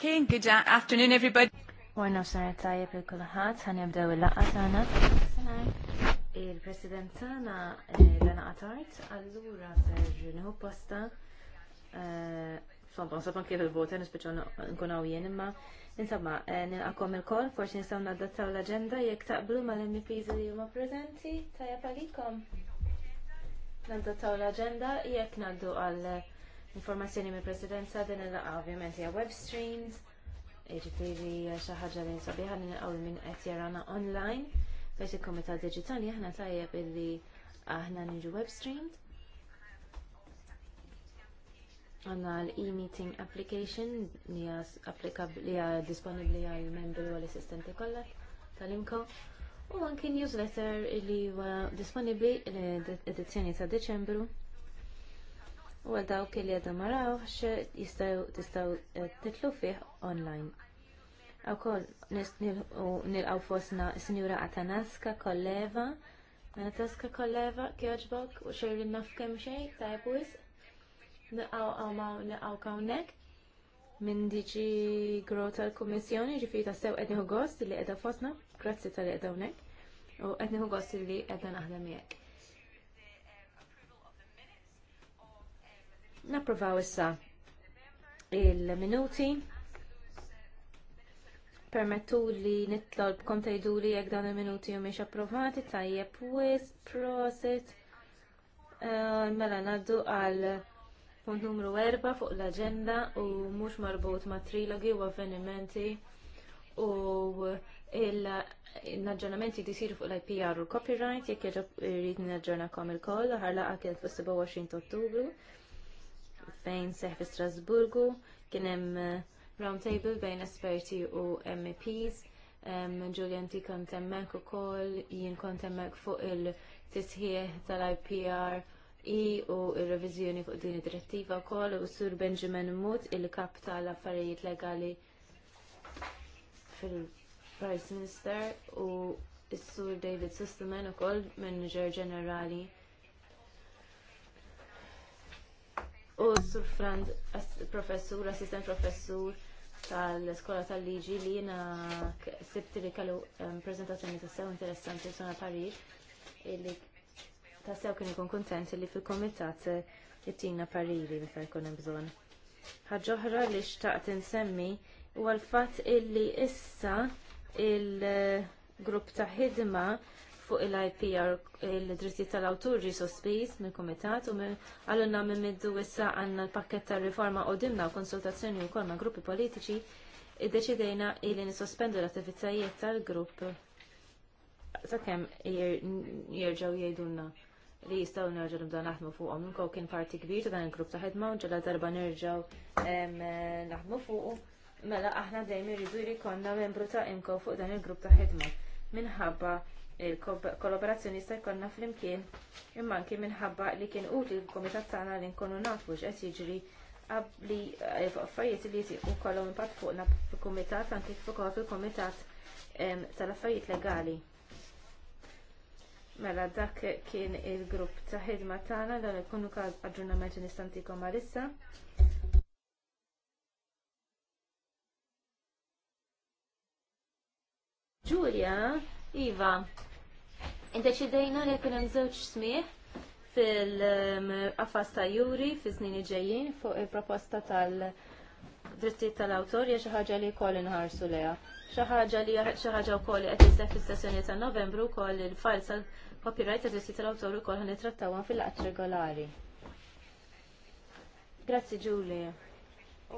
Okay, good afternoon everybody. Warna sar tajjeb il kulħadd ħanibdew il-laqgħa tagħna. Il-President tagħna eh, lana qatart, allura ser nieħu posta. Eh, sompa, sompa kif il-vota nispiċċaw nkun hawn jien imma insomma eh, nilqakom il-kol, forsi nistgħu nadattaw l-aġenda jekk taqblu mal-MPs li huma preżenti tajjeb għalikom. Nadattaw l-aġenda jekk ngħaddu għal informazzjoni mill presidenza din il-laqa ovvjament hija web streams, jiġifieri xi ħaġa li sabiħa li nilqgħu minn qed jarana online biex il-Komitat Diġitali aħna tajjeb illi aħna niġu web streamed. Għanna l-e-meeting application li hija disponibli għal membri u l-assistenti kollha tal-imko. U anki newsletter li huwa disponibli l-edizzjoni ta' Deċembru u għal kelli li għadhom xe jistaw eh, titlu fiħ online. Għaw kol nil-għaw fosna s-njura Atanaska Kolleva, Atanaska Kolleva kjoġbok u xe xejrin naf xe, xejn nil-għaw Nilqgħu nil-għaw kawnek minn diġi grow tal-Kummissjoni ġifieri ta' sew għedniħu gost li għedha fosna, grazzi tal għedha qiegħda u għedniħu nieħu gost li għedha naħdem miegħek. Napprovaw issa il-minuti. Permettu li nitlob kontejdu li jek dan il-minuti u miex approvati tajjeb wis proset. Eh, mela naddu għal punt numru 4 fuq l-agenda u mhux marbut ma' trilogi u avvenimenti u il-naġġornamenti di fuq l-IPR u copyright jekk rridni naġġornakom il-koll ħarlaqa kien fis-27 Ottubru fejn seħ fi Strasburgu kien hemm eh, roundtable bejn esperti u MEPs. Julian ti kont hemmhekk ukoll, jien kont hemmhekk fuq il-tisħieħ tal-IPR i e u r reviżjoni fuq din id-direttiva wkoll u Sur Benjamin Mut il-kap tal-affarijiet legali fil prime Minister u s-Sur David Susterman ukoll Manager Ġenerali u Sur Frand, professur, assistent professur tal-Skola tal-Liġi li jena sibti li kellu prezentazzjoni ta' sew interessanti sona parir illi ta' sew kien ikun kontent li fil-komitat jittina eh, pariri meta jkun hemm bżonn. Ħaġoħra li xtaqt insemmi u għal-fatt illi issa il- eh, grupp ta' ħidma fuq il-IPR il-drittijiet tal-awtur ġi sospiż mill kumitat u għallunna minn middu issa għandna l-pakket ta' riforma u dimna u konsultazzjoni wkoll ma' gruppi politiċi il li nisospendu l-attivitajiet tal-grupp sakemm jerġgħu jgħidulna li jistgħu nerġgħu nibda naħdmu fuqhom minkow kien parti kbir ta' dan il-grupp ta' ħedma u ġala darba nerġgħu naħdmu fuqu. Mela aħna dejjem irridu li membru ta' imkow fuq dan il-grupp ta' ħidma minħabba il-kollaborazzjoni sta' jkollna flimkien imma anki minħabba li kien utli l-komitat tagħna li nkunu nafu x'qed jiġri qabli eh, affarijiet li jisiqu kollhom impatt fuqna fil-kumitat anki kif fil-kumitat tal-affarijiet legali. Mela dak kien il-grupp ta' ħidma tagħna dan ikunu aġġornamenti nistantikom għalissa. Julia, Iva, Indeċidejna li hemm żewġ smieħ fil-qafas ta' juri fi snin ġejjin fuq il-proposta tal-drittijiet tal-awtor hija xi ħaġa li jkoll inħarsu leha. Xi ħaġa li xi ħaġa wkoll qed isseħħ fis-sessjoni ta' Novembru wkoll il files tal-copyright ta' drittijiet tal-awtor ukoll ħanitrattawhom fil-qatt regolari. Grazzi Julie.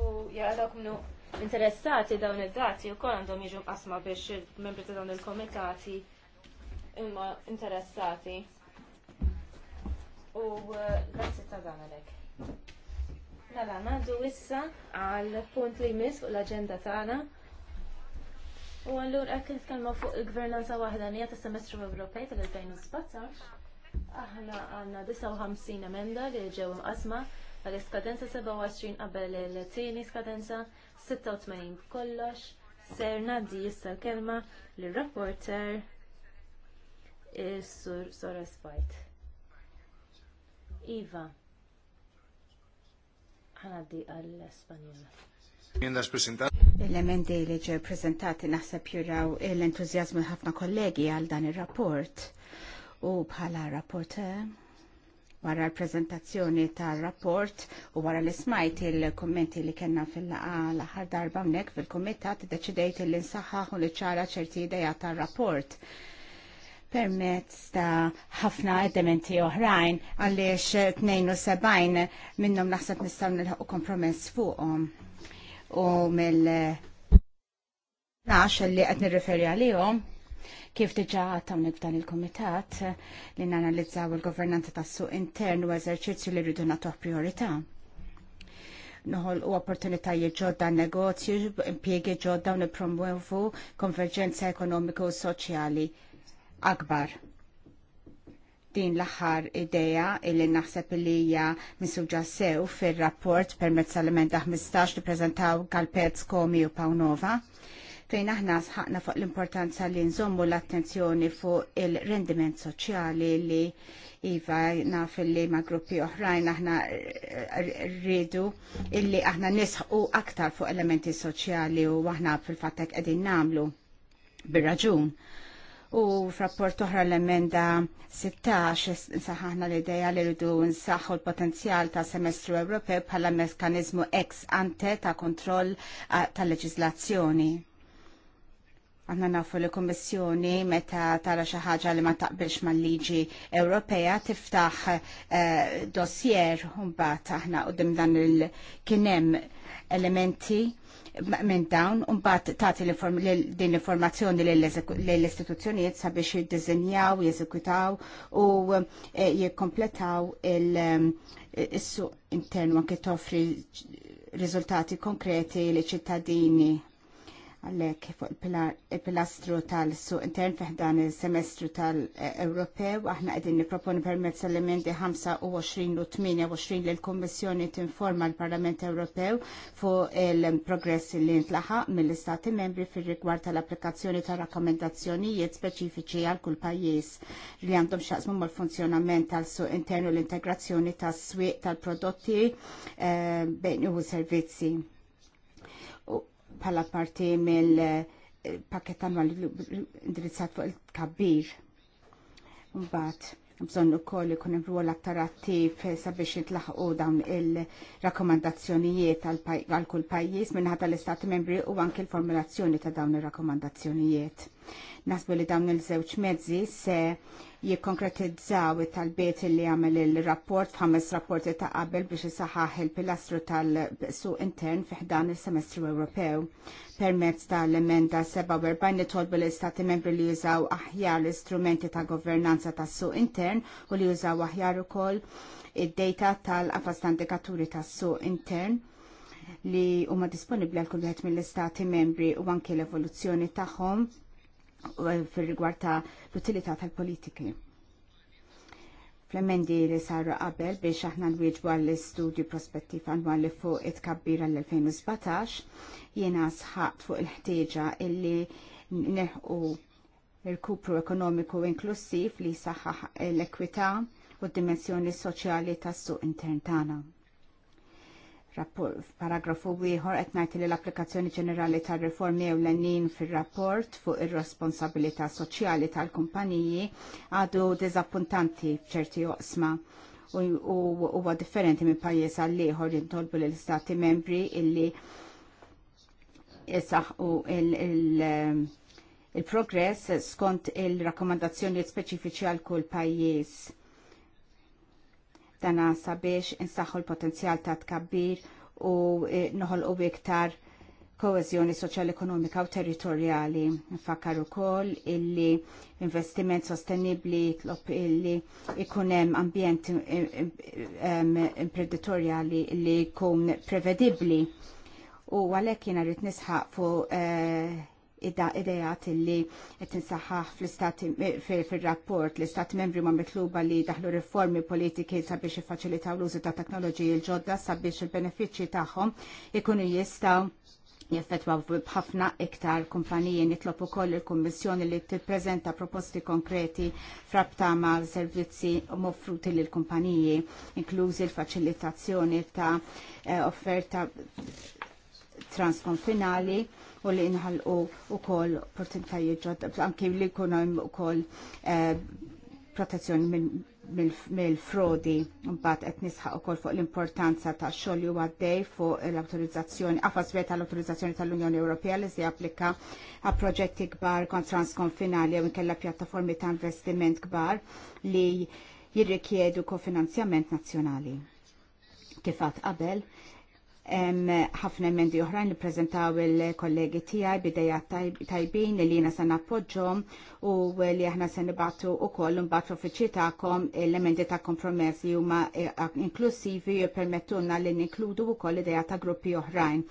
U jaqalok mnu interessati dawn id-dati u kol għandhom jiġu qasma biex il-membri ta' dawn il-komitati imma interessati. U eh, grazzi ta' dan għalek. Mela, naddu issa għal punt li jmiss fuq l-agenda tagħna. U għallur għek nitkellmu fuq il-gvernanza nija ta' semestru Ewropej tal-2017. Aħna għanna 59 emenda li ġew imqasma għal-iskadenza 27 qabel il-tieni skadenza 86 kollox. Ser nadi jissa l-kelma l-rapporter Is-sur Sora Spajt. Iva. Ħanaddi għall espanjola L-elementi li ġew prezentati naħseb juraw l-entużjażmu ħafna kollegi għal dan ir-rapport u bħala rapport wara l-prezentazzjoni tal-rapport u wara li smajt il-kommenti li kena fil-laqa l darba mnek fil-komitat deċidejt il nsaħħaħ u li ċara ċerti ideja tal-rapport permezz ta' ħafna edementi oħrajn għaliex 72 minnhom naħseb nistgħu nilħaqu kompromess fuqhom. U mill 12 li qed nirreferi għalihom kif diġa għattamnek f'dan il-komitat li nanalizzaw il governanti tas-suq intern u eżerċizzju li rridu nagħtuh priorità noħol u opportunitajiet ġodda negozju, impjiegi ġodda u nipromuvu konverġenza ekonomiku u soċjali akbar din l-aħħar ideja illi naħseb li hija misuġa sew fir-rapport permezz tal-emenda 15 li preżentaw Galpez, Komi u Pawnova fejn aħna sħaqna fuq l-importanza li nżommu l-attenzjoni fuq il-rendiment soċjali li Iva naf li ma' gruppi oħrajn aħna rridu illi aħna nisħu aktar fuq elementi soċjali u aħna fil-fattek edin namlu bir-raġun U f'rapport oħra l-emenda 16 nsaħħna l-ideja li rridu nsaħħu l-potenzjal ta' semestru Ewropew bħala mekkanizmu ex ante ta' kontroll ta' leġislazzjoni. Għanna nafu li kommissjoni meta tara xi ħaġa li ma taqbilx mal-liġi Ewropea tiftaħ eh, dossier mbagħad aħna qudiem dan il kien hemm elementi minn dawn u mbagħad tagħti din l-informazzjoni lill-istituzzjonijiet sabiex jiddiżinjaw, jeżekwitaw u eh, jikkompletaw il-suq eh, internu anke toffri riżultati konkreti li ċittadini għallek fuq il-pilastru tal-suq intern fiħdan il-semestru tal-Ewropew, aħna għedin niproponi permezz elementi 25 u 28 l-Kommissjoni tinforma l-Parlament Ewropew fuq il-progress li ntlaħa mill-Istati membri fil rigward tal-applikazzjoni ta' rakkomendazzjonijiet speċifiċi għal kull pajjiż li għandhom xaqsmu mal-funzjonament tal-suq intern u l-integrazzjoni tas-swieq tal-prodotti eh, bejn u servizzi bħala parti mill-pakket eh, annwali indirizzat fuq il-kabbir. Mbagħad bżonn ukoll ikun hemm rwol aktar attiv sabiex jitlaħqu dawn il-rakkomandazzjonijiet għal kull pajjiż minħabba l-Istati Membri u anke l-formulazzjoni ta' dawn ir-rakkomandazzjonijiet. Nasbu li dawn il-żewġ mezzi se jikkonkretizzaw it-talbiet li għamel il-rapport f'ħames rapporti ta' qabel biex isaħħaħ il-pilastru tal-suq intern fiħdan il-semestru Ewropew. Permezz tal-emenda 47 nitolbu l-istati membri li jużaw aħjar l-istrumenti ta' governanza tas-suq intern u li jużaw aħjar ukoll id-data tal-qafas indikaturi tas-suq intern li huma disponibbli għal kull mill-istati membri u anke l-evoluzzjoni tagħhom Eh, fil-rigward ta' l-utilità tal-politiki. Fl-emendi li saru qabel biex aħna nwieġbu għall-istudju prospettiv annwali fuq it-kabbira l-2017, jiena sħaqt fuq il-ħtieġa illi neħu il-kupru ekonomiku inklusiv li saħħaħ l-ekwità u d-dimensjoni soċjali tas-suq intern tagħna. Paragrafu wieħor qed ngħid li l-applikazzjoni ġenerali tar-riformi ewlenin fir-rapport fuq ir-responsabilità soċjali tal-kumpaniji għadu diżappuntanti f'ċerti oqsma u huwa differenti minn pajjiż għal ieħor jintolbu lill istati membri illi jisaħqu il- il-progress skont il-rakkomandazzjoni speċifiċi għal kull pajjiż dana sabiex insaħħu l-potenzjal ta' tkabbir u e, noħolqu iktar koezjoni soċjal-ekonomika u territorjali. Nfakkar ukoll illi investiment sostenibli jitlob illi ikun hemm ambjent e, e, imprenditorjali illi jkun prevedibbli. U għalhekk jiena rrit nisħaq fuq idejat li tinsaħħaħ fil-rapport li stati membri ma mitluba li daħlu riformi politiki sabiex jiffaċilitaw l-użu ta' teknoloġiji l-ġodda sabiex il-benefiċċji tagħhom ikunu jistgħu jeffettwa bħafna iktar kumpaniji nitlob ukoll il-Kummissjoni li tippreżenta proposti konkreti frabta ma' servizzi mofruti l kumpaniji inklużi l-faċilitazzjoni ta' eh, offerta transkonfinali u li inħalqu wkoll opportunitajiet ġodda anke li jkun u kol eh, protezzjoni mill-frodi mbagħad qed nisħaq ukoll fuq l-importanza ta' xogħol li għaddej fuq l-awtorizzazzjoni għafas wieħed l awtorizzazzjoni tal-Unjoni Ewropea li se japplika għal proġetti kbar kont transkonfinali jew inkella pjattaformi ta' investiment kbar li jirrikjedu kofinanzjament nazzjonali. Kif Kifat qabel, ħafna emendi oħrajn li prezentaw il-kollegi tijaj bideja tajbin li jina san appoġġom u li aħna se nibatu u koll nbatu tagħkom l-emendi ta' kompromess li huma eh, inklusivi u permettuna li ninkludu u koll ideja ta' gruppi oħrajn.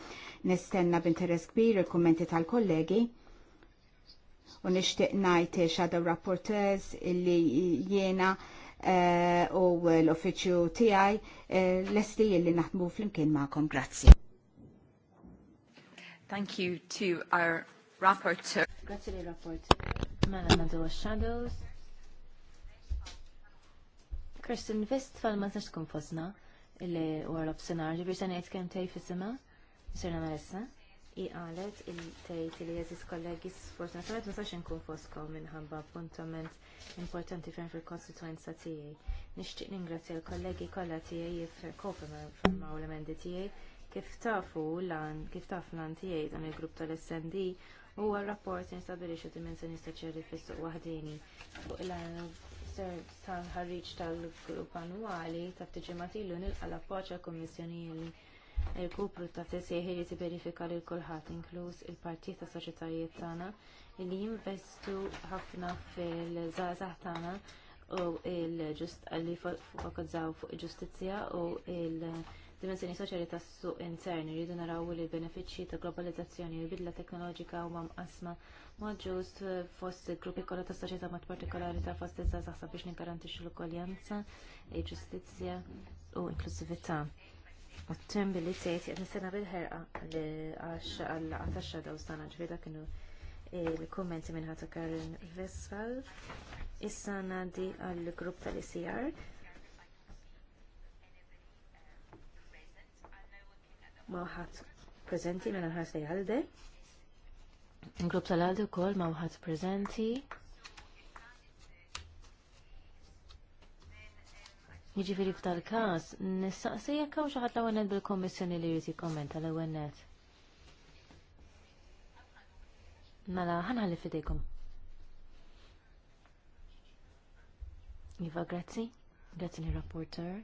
Nistenna b'interess kbir il-kommenti tal-kollegi u nixtieq ngħid xadow rapporters li jiena Eh, u l-uffiċju l eh, lesti li naħdmu flimkien magħkom. Grazzi. Thank you to our rapporteur. Grazzi li rapporteur. Mela nadu shadows. Kirsten fal ma tistax tkun fosna illi wara b'sinarġi biex se ngħid kemm tej fis-sema. Sirna ma issa i qalet il-tejt li jeżis kollegi sfortunatament ma sax inkun foskom minħabba appuntament importanti fejn fil-konstituenza tiegħi. Nixtieq ningrazzja l-kollegi kollha tiegħi jifkopi ma' l-emendi tiegħi kif tafu lan kif taf lan tiegħi dan il-grupp tal-SND huwa rapport jinstabilixxu dimensjoni soċjali fis-suq waħdini fuq il-għan tal-ħarriġ tal-grupp annwali tat-tiġimatilu nilqa l-appoġġ għall-kummissjoni Il-kupru ta' tesieħi li tiberifika lil kulħadd inkluż il-partijiet ta' soċjetajiet tagħna li jinvestu ħafna fil-żgħażagħ tagħna u l-ġust li fokazzaw fuq il-ġustizzja u l dimensjoni soċjali tas-suq intern irridu naraw li l-benefiċċji ta' globalizzazzjoni u l-bidla teknoloġika huma mqasma mod ġust fost il gruppi kollha tas soċjetà mod partikolari ta' fost iż-żgħażagħ biex ningarantixxu l-ukoljanza, il-ġustizzja u inklusività. Għattem billi tgħid jgħet nistena bil-ħerqa li għax għalla għataxxa daw stana ġvida eh, kienu il-kommenti minn ħata Karin Vesfal. Issa ngħaddi għall-grupp tal-ICR. Mawħat prezenti minn Grupp tal-għalde u kol mawħat prezenti. Jiġifieri f'tal każ nistaqsi jekk hawn xi ħadd l-ewwel bil-Kommissjoni li jrid jikkommenta l-ewwel net. Mela ħanħalli fidejkom. Iva, grazzi. Grazzi li rapporter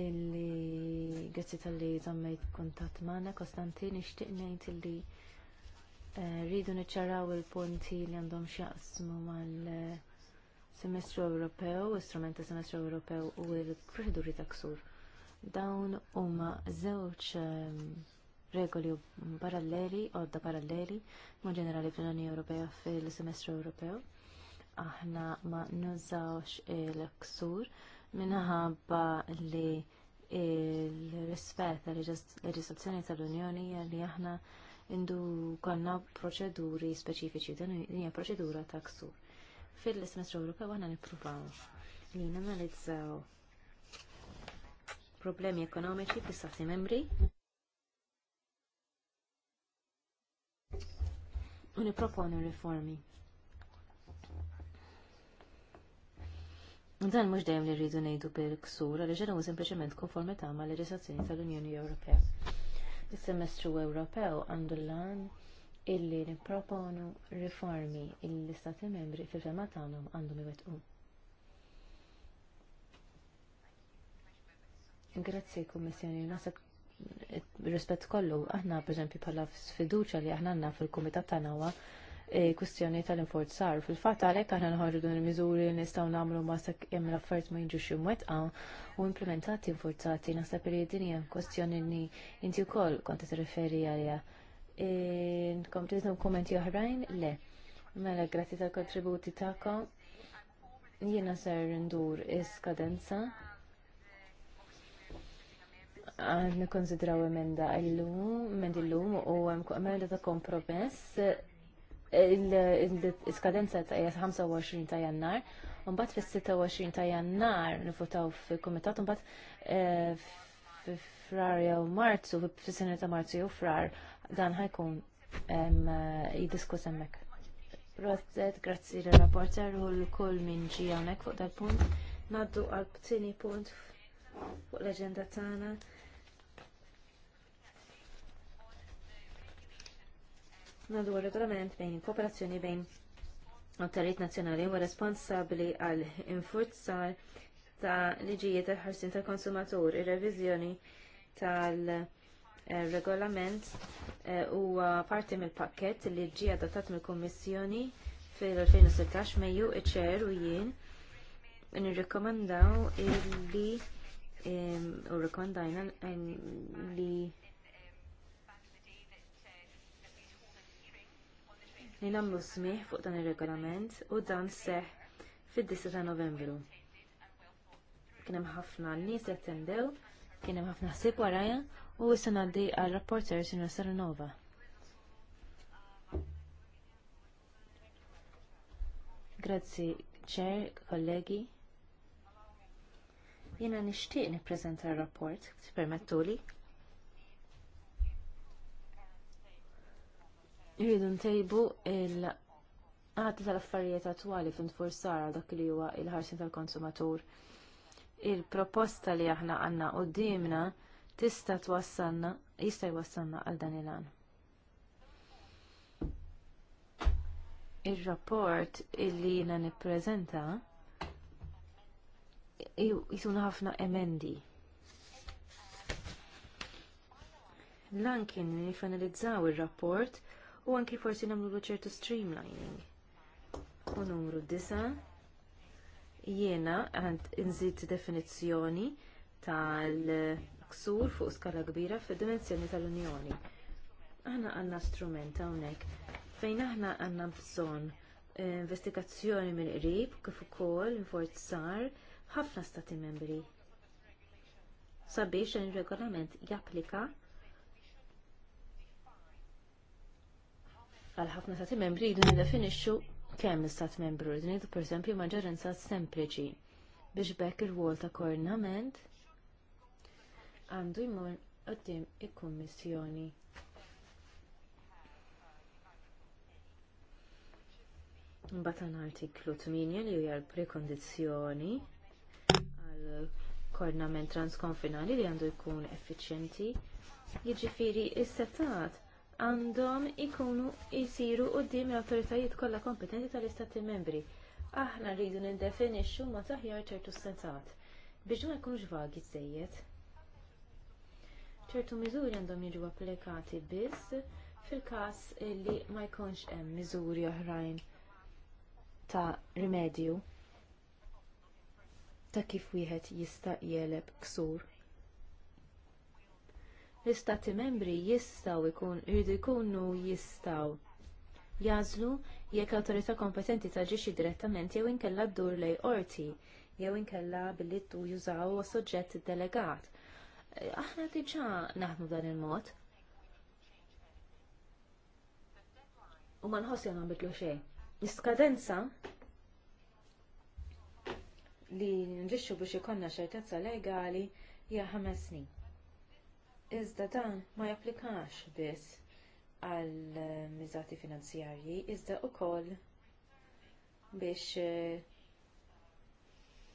illi grazzi tal-li zammejt kontat maħna Konstantin ngħid illi eh, rridu niċċaraw il-punti li għandhom x'jaqsmu mal- uh, semestru Ewropew, istrument semestru Ewropew u l-proċeduri ta' ksur. Dawn huma żewġ ehm, regoli paralleli, għodda paralleli, ma' ġenerali fl-Unjoni Ewropea fil-semestru Ewropew. Aħna ma nużawx il-ksur minħabba li il-rispet tal-leġislazzjoni tal-Unjoni li aħna indu konna proċeduri speċifiċi, dan hija proċedura ta' ksur fil-semestru Ewropew aħna nippruvaw li nanalizzaw problemi ekonomiċi fis istati membri u nipproponu riformi. Dan mhux dejjem li rridu ngħidu bil-ksur għaliex dan hu sempliċement konformità mal leġislazzjoni tal-Unjoni Ewropea. Is-semestru Ewropew għandu l għan illi nipproponu riformi illi l-istati membri fil-fema tagħhom għandhom iwettqu. Grazzi Kummissjoni, nasak rispett kollu, aħna pereżempju bħala sfiduċa li aħna għandna fil komitat tagħna huwa e, kwistjoni tal-inforzar. Fil-fatt għalhekk aħna nħarġu din il-miżuri li nistgħu nagħmlu ma sekk hemm l-affarijiet ma jiġux imwettqa u implementati infurzati naħseb li din hija kwestjoni li inti wkoll kont tirreferi għaliha Nkom tiżnu kommenti oħrajn? Le. Mela, grazzi tal-kontributi ta'kom. Jiena ser ndur iskadenza. Għad nikonsidraw emenda illum, emenda illum u emenda ta' kompromess. Il-iskadenza ta' 25 ta' jannar. Unbat fis-26 ta' jannar nifutaw fil-komitat, eh, fi frar jew marzu, fis-sena ta' marzu jew frar dan ħajkun eh, jiddiskus hemmhekk. Rozzet, grazzi l rapporter u l-kull minn ġi fuq dal-punt. Naddu għal tini punt fuq l-aġenda tagħna. Naddu regolament bejn kooperazzjoni bejn Autorit Nazzjonali u responsabbli għal infurzar ta' liġijiet tal-ħarsin tal-konsumatur, ir-reviżjoni tal-, -konsumatur, Eh, regolament eh, huwa parti mill-pakket li ġie adottat mill-Kummissjoni fil-2016 Mejju iċer u jien nirrekomandaw li u rekomandajna li li namlu smih fuq dan il-regolament u dan seħ fid-10 ta' novembru. Kienem ħafna n-nis jattendew, kienem ħafna sib U issa ngħaddi għal rapporter Sinja Saranova. Grazzi, ċer, kollegi. Jiena nixtieq nippreżenta r-rapport, permettuli. Jridu ntejbu il għadda tal-affarijiet attuali fin forsara dak li huwa il-ħarsin tal-konsumatur. Il-proposta li aħna għandna dimna tista' twassalna jista' jwassalna għal dan il-għan. Ir-rapport illi jina nippreżenta jituna ħafna emendi. Lan kien nifanalizzaw ir-rapport u anki forsi nagħmlu ċertu streamlining. U numru 9 jiena għand inżid definizzjoni tal- ksur fuq skala kbira fid-dimensjoni tal-Unjoni. Aħna għandna strument hawnhekk fejn aħna għandna bżonn eh, investigazzjoni mill qrib kif ukoll inforzar ħafna stati membri. Sabiex ir regolament japplika għal ħafna stati membri jridu nidefinixxu kemm istat membru jridu per esempio maġġoranza sempliċi biex bekk ir wol ta' koordinament għandu jmur quddiem il-Kummissjoni. Mbagħad għandna artiklu 8 li hija l-prekondizzjoni għal kornament transkonfinali li għandu jkun effiċjenti. Jiġifieri is-setat għandhom ikunu jsiru quddiem l-awtoritajiet kollha kompetenti tal-Istati membri. Aħna rridu nindefinixxu ma taħjar ċertu setat biex ma jkunux vagi żejjed ċertu miżuri għandhom jiġu applikati biss fil-każ li ma jkunx hemm miżuri oħrajn ta' rimedju ta' kif wieħed jista' jeleb ksur. L-istati membri jistgħu jkun jridu jkunu jistgħu jażlu jekk awtorità kompetenti taġixxi direttament jew inkella ddur lejn qorti jew inkella billi tu jużaw soġġett delegat Aħna diġà naħdmu dan il-mod. U ma nħossi għan għamidlu xejn. Iskadenza li nġiċu biex ikonna ċertezza legali hija ħames snin. Iżda dan ma japplikax biss għal eh, miżati finanzjarji, iżda wkoll biex eh,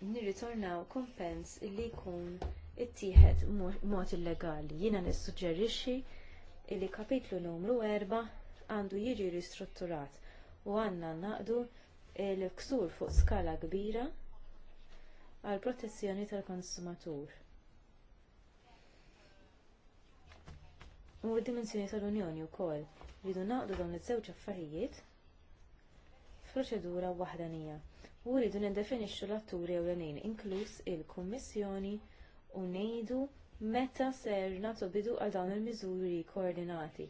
nirritornaw kompens li jkun ittieħed mod illegali. Jiena nissuġġerixxi li kapitlu numru 4 għandu jiġi ristrutturat u għandna naqdu l-ksur fuq skala kbira għall protezzjoni tal-konsumatur. U d-dimensjoni tal-Unjoni wkoll rridu naqdu dawn iż-żewġ affarijiet f'proċedura waħdanija u rridu nindefinixxu l-atturi ewlenin inkluż il-Kummissjoni u ngħidu meta ser nagħtu bidu għal dawn il-miżuri koordinati,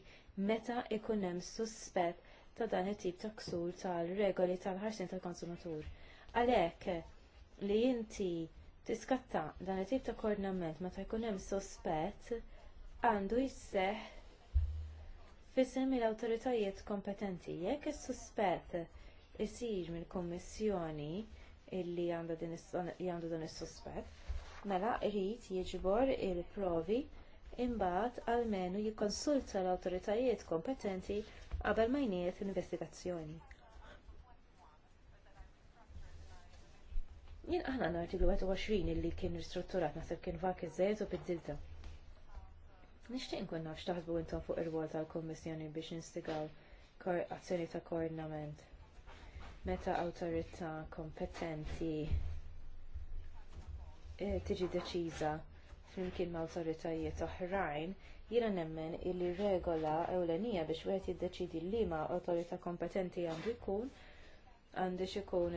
meta ikun hemm suspett ta' dan it-tip ta' ksur tal-regoli tal-ħarsin tal-konsumatur. Għalhekk li inti tiskatta dan it-tip ta' koordinament meta jkun hemm suspett għandu jisseħ sem l-awtoritajiet kompetenti. Jekk is-suspett isir mill-Kummissjoni illi għandu dan is-suspett, mela jrid jiġbor il-provi imbagħad għalmenu jikkonsulta l-awtoritajiet kompetenti qabel ma jniet investigazzjoni. Jien aħna għandna artiklu 21 illi kien ristrutturat naħseb kien vak iż u bid-dilta. Nixtieq nkun nafx taħsbu intom fuq ir-rwol tal-Kummissjoni biex instigaw azzjoni ta' koordinament. Meta awtorità kompetenti E, tiġi deċiża flimkien ma' awtoritajiet oħrajn, jiena nemmen illi regola ewlenija biex wieħed jiddeċidi li ma' awtorità kompetenti għandu jkun għandix ikun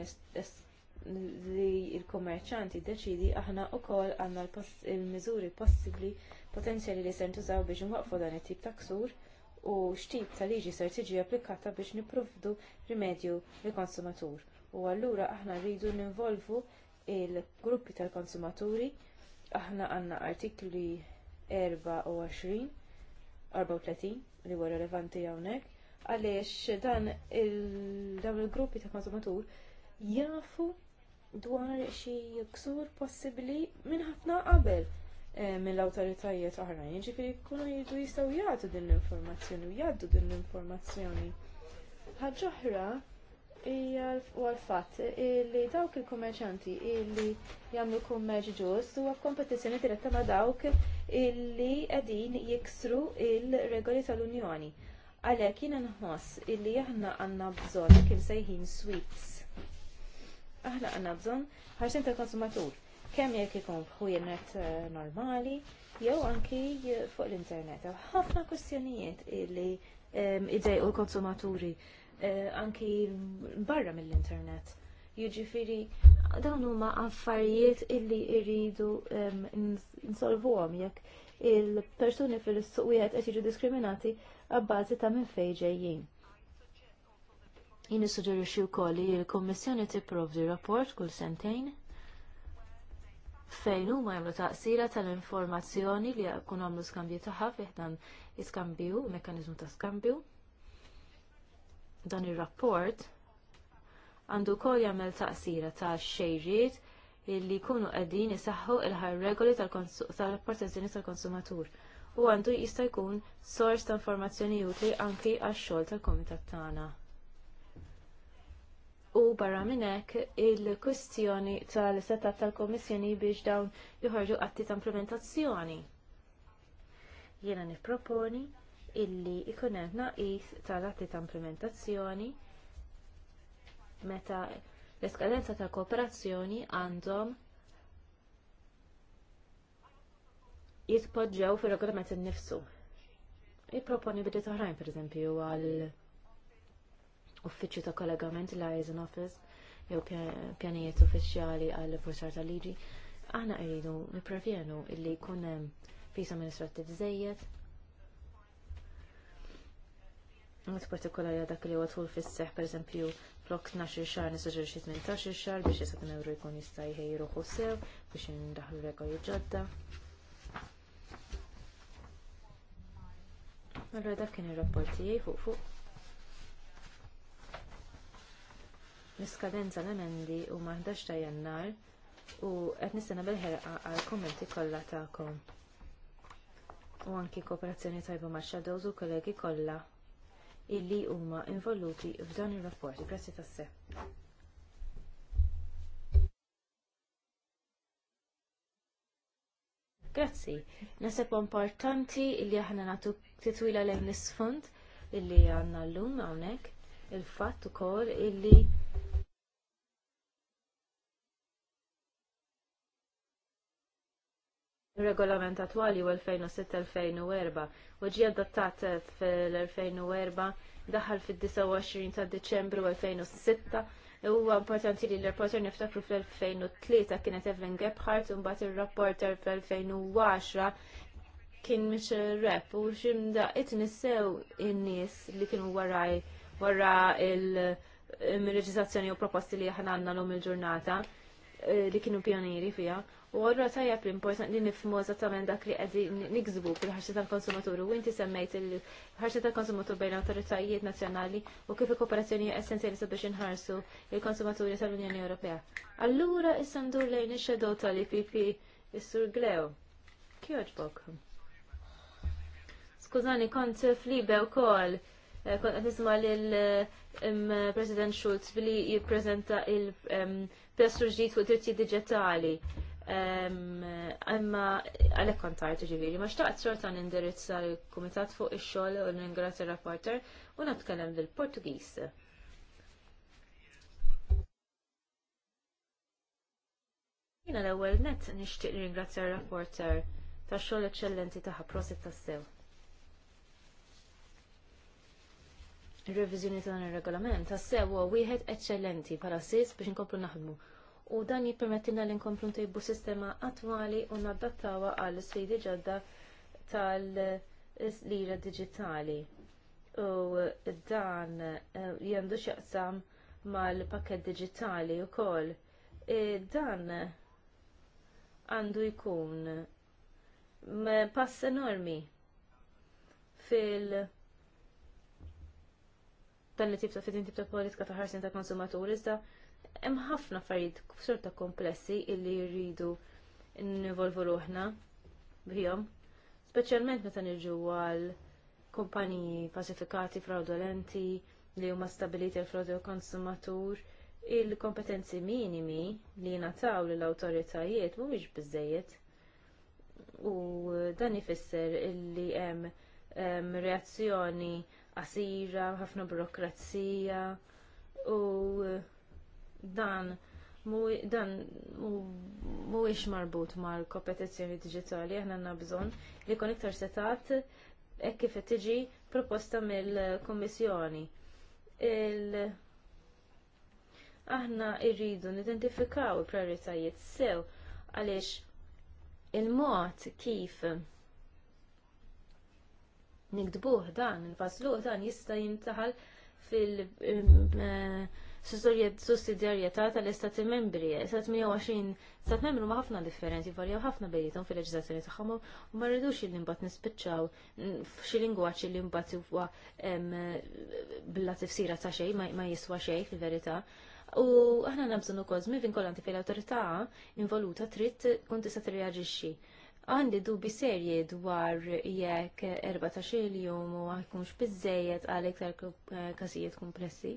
li l kummerċanti jiddeċidi aħna wkoll għandna l-miżuri possibbli potenzjali li se ntużaw biex nwaqfu dan it-tip ta' ksur u xtip ta' liġi ser tiġi applikata biex nipprovdu rimedju lill konsumatur U allura aħna rridu ninvolvu il-gruppi tal-konsumaturi aħna għandna artikli 24 34 li huwa relevanti hawnhekk għaliex dan dawn il-gruppi ta' konsumatur jafu dwar xi ksur possibbli minn ħafna qabel eh, mill-awtoritajiet oħra, jiġifieri jkunu jidu jistgħu jagħtu din l-informazzjoni u jgħaddu din l-informazzjoni. Ħaġa oħra hija u għal fat li dawk il-kummerċanti li jagħmlu kummerċ ġust huwa kompetizjoni diretta ma' dawk illi qegħdin jiksru l regoli tal-Unjoni. Għalhekk jina nħoss illi aħna għandna bżonn kif sejħin sweets. Aħna għandna bżonn ħarsin tal-konsumatur kemm jekk ikun f'ħujnet eh, normali jew anki fuq l-internet. Ħafna kwestjonijiet illi eh, u l-konsumaturi Eh, anki barra mill-internet. Jiġifieri dawn huma affarijiet illi jridu nsolvuhom jekk il-persuni fil-suq wieħed qed jiġu diskriminati għabbażi ta' minn fejn ġejjin. Jien nissuġġerixxi wkoll li l-Kummissjoni tipprovdi rapport kull sentejn fejn huma jagħmlu taqsira tal-informazzjoni li jkun għamlu skambju tagħha fih dan iskambju, mekkaniżmu ta' skambju. Dan ir-rapport għandu wkoll jagħmel taqsira ta' xejriet illi jkunu qegħdin isaħħu il-ħar regoli tal-protezzjoni tal-konsumatur u għandu jista' jkun sors ta' informazzjoni utli anki għax-xogħol tal-kumitat tagħna. U barra minn hekk il-kwistjoni tal-setat tal-Komissjoni biex dawn joħorġu atti ta' implementazzjoni. Jiena nipproponi illi ikun hemm naqis tal-atti ta' implementazzjoni meta l-eskadenza ta' kooperazzjoni għandhom jitpoġġew fir-regolament innifsu. Jipproponi bidi oħrajn pereżempju għal uffiċċju ta' kollegament liaison office jew pjanijiet uffiċjali għal forsar tal-liġi. Aħna rridu nipprevjenu illi jkun hemm fis amministrattiv żejjed partikulari partikolari dak li għatful fisseħ, per eżempju, flok 12 xar nisaġer xie 18 xar biex jisat euro jkun jista jħejru sew biex ndaħlu regoli ġodda. Allora dak kien ir-rapporti fuq fuq. L-iskadenza l-emendi u 11 ta' jannar u qed nistenna bil-ħerqa għall kummenti kollha tagħkom. U anki kooperazzjoni tajba ma' shadows u kollegi kollha illi huma involuti f'dan ir-rapport. Grazzi tassew. Grazzi. Naseb importanti illi aħna nagħtu titwila lejn l-isfond illi għandna llum hawnhekk il-fatt ukoll illi regolament attuali u 2006-2004 u ġie adottat fil-2004 daħal fid-29 ta' Deċembru 2006 Huwa importanti li l-reporter niftakru fl-2003 kienet Evelyn Gebhardt u mbagħad ir-rapporter fl-2010 kien Mitchell Rep u ximda it-nissew in-nies li kienu waraj wara il-reġizzazzjoni u proposti li aħna għandna l-lum il-ġurnata. il ġurnata Eh, li kienu pjonieri fiha. U għallura tajjeb l li nifmu eżattament dak li qegħdin nikzbu fil-ħarsi tal-konsumatur u inti semmejt il-ħarsi tal-konsumatur bejn l-awtoritajiet nazzjonali u kif il-kooperazzjoni essenzjali sabiex inħarsu il-konsumaturi tal-Unjoni Ewropea. Allura issa ndur lejn ix-xedow tal-IPP is-Sur Gleo. bok. Skużani, kont flibe wkoll eh, kont qed nisma' lill eh, President Schulz billi jippreżenta il- press ġdid fuq dritti digitali. Imma għalek kontajt ġiviri, ma xtaqt xorta nindirizza l-Kumitat fuq ix-xogħol u ningrazzja rapporter u natkellem bil-Portugiż. Jina l-ewwel net nixtieq nirringrazzja r-rapporter tax-xogħol eċċellenti tagħha prosit tassew. ir-reviżjoni ta' dan ir-regolament tassew huwa wieħed eċċellenti bħala sis biex inkomplu naħdmu. U dan jippermettilna li nkomplu ntejbu sistema attwali u nadattawa għal sfidi ġodda tal-lira diġitali. U dan eh, jendu xaqsam mal-pakket diġitali wkoll. E, dan għandu jkun mm, pass enormi fil- dan li tibta fitin tibta politika ta' ħarsin ta' konsumatur iżda hemm ħafna affarijiet sorta komplessi illi jridu nivolvu ruħna bihom, speċjalment meta nirġu għal kumpaniji falsifikati fraudolenti li huma stabiliti l frodi konsumatur il-kompetenzi minimi li nataw lill awtoritajiet mhumiex biżżejjed. u dan ifisser illi hemm reazzjoni qasira, ħafna burokrazija u eh, dan dan mhuwiex marbut mal-kompetizzjoni diġitali aħna għandna bżonn li jkun iktar setat hekk kif qed tiġi proposta mill-Kummissjoni. Aħna rridu nidentifikaw il-prioritajiet sew għaliex il-mod kif nikdbuh dan, nfasluh dan jista' jintaħal fil eh, sussidjarjetà tal estati membri, istat 120 stat membri ma ħafna differenti, varjaw ħafna bejnietom fil leġizazzjoni tagħhom u ma rridux il mbagħad nispiċċaw mm, xi lingwaġġ li mbagħad huwa billa tifsira ta' xejn ma jiswa xejn fil-verità. U aħna nabżonu kozmi żmien vinkolanti fil-awtorità involuta trid tkun tista' tirreaġixxi. Għandi dubi serji dwar jekk 14 jum u għakunx bizzejiet għal iktar eh, kasijiet komplessi.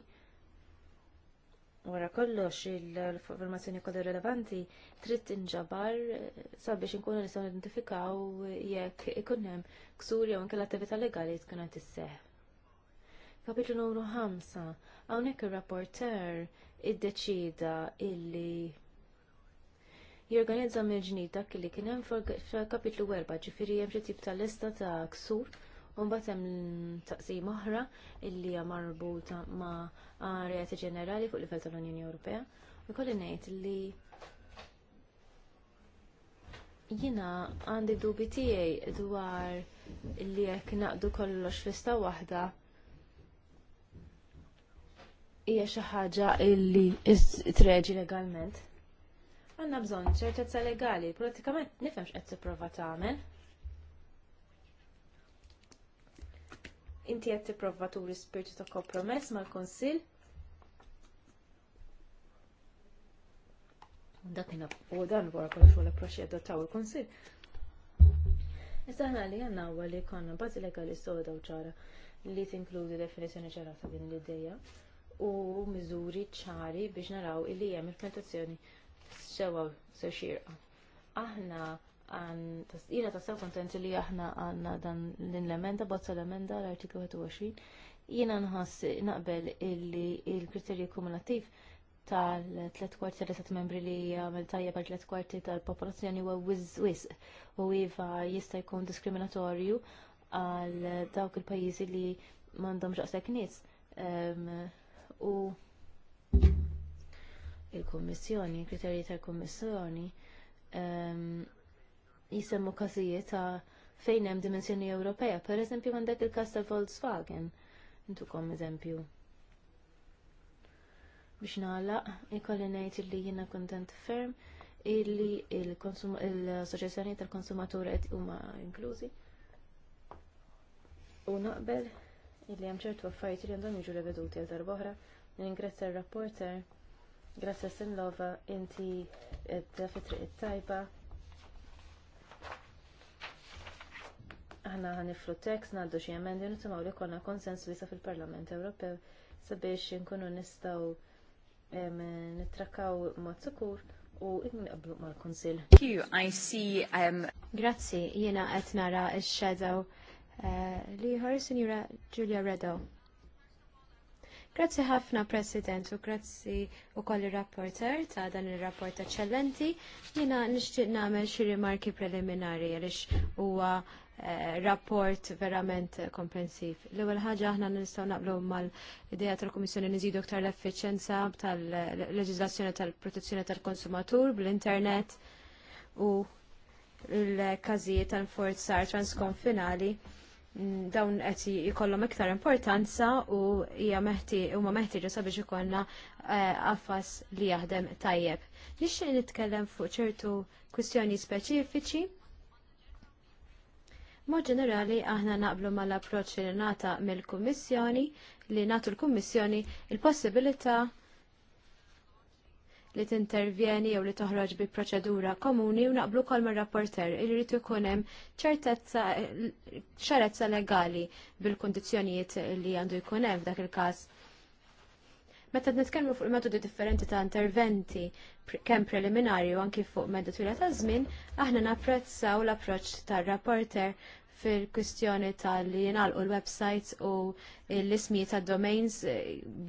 Wara kollox il-informazzjoni kollha rilevanti trid tinġabar eh, sabiex inkunu nistgħu identifikaw jekk ikun hemm ksur jew anke l-attività legali tkun qed isseħħ. Kapitlu numru 5. Hawnhekk ir-rapporter iddeċida illi jorganizza mill-ġnid dak li kien hemm fil-kapitlu 4 ġifieri hemm xi tip ta' lista ta' ksur u mbagħad hemm taqsim oħra illi hija marbuta ma' reati ġenerali fuq livell tal-Unjoni Ewropea. Ikolli ngħid li jiena għandi dubi tiegħi dwar li jekk naqdu kollox fista waħda hija xi ħaġa illi treġi legalment. Għanna bżon ċertezza legali, pratikament nifemx qed tipprova tagħmel. Inti qed tipprova turi spiritu ta' kompromess mal-Kunsill. Dak jiena u dan wara kollox wara proċi adottaw il-Kunsill. Issa ħna li għandna huwa li jkollna bażi legali soda u ċara li tinkludi definizjoni ċara ta' din l-ideja u miżuri ċari biex naraw illi hemm implementazzjoni sewa sew xirqa. Aħna għan, jina ta' sew kontent li aħna għanna dan l-emenda, bozza l-emenda l-artiklu 21, jina nħas naqbel illi il-kriterju kumulativ tal 3 kwarti tal 3 membri li għamil tajja per 3 kwarti tal-popolazzjoni huwa wiz u iva jista' jkun diskriminatorju għal dawk il-pajjiżi li mandom daqshekk nies. U il-Kummissjoni, kriterji tal-Kummissjoni ehm, jisemmu każijiet ta' fejn hemm dimensjoni Ewropea. pereżempju għandek il-każ ta' Volkswagen, intukom eżempju. Biex nagħlaq ikolli ngħid li jiena kuntent ferm illi l-Assoċjazzjoni tal-Konsumatur qed huma inklużi. U naqbel illi hemm ċertu affarijiet li għandhom jiġu reveduti għal darba oħra, nirringrazzja r-rapporter Grazie Sinlova, inti eh, fitri it-tajba. Eh, Aħna ħaniflu tekst, ngħaddu xi emendi nittimgħu li konna konsens wiesa fil-Parlament Ewropew sabiex inkunu nistgħu nittrakaw mod sikur u nqablu mal-Kunsill. Um, Grazzi, jiena qed nara x-shadow eh, Redo. Grazzi ħafna President u grazzi u koll il-rapporter ta' dan il-rapport eccellenti. Jina nishtiq namel xi rimarki preliminari għaliex huwa eh, rapport verament komprensiv. L-ewwel ħaġa aħna nistgħu naqblu mal-idea tal-Kummissjoni niżidu aktar l-effiċenza tal-leġiżlazzjoni tal-protezzjoni tal-konsumatur bl-internet u l-każijiet tal-forzar transkonfinali dawn qed jkollhom iktar importanza u hija meħti huma meħtieġa sabiex ikollna qafas eh, li jaħdem tajjeb. Nixtieq nitkellem fuq ċertu kwistjoni speċifiċi. Mod ġenerali aħna naqblu mal-approċċ li nata mill-Kummissjoni li natu l-Kummissjoni il-possibilità l il possibilità li tintervjeni jew li toħroġ bi proċedura komuni u naqblu kol mar rapporter il ikun hemm ċertezza xarezza legali bil-kondizzjonijiet li għandu jkun hemm f'dak il-każ Meta t-netkenmu fuq il-metodi differenti ta' interventi kemm preliminari u anki fuq medda twila ta' żmien, aħna napprezzaw l-approċċ tar-rapporter fil-kwistjoni tal-li jenalqu l-websites u l-ismi tad domains eh,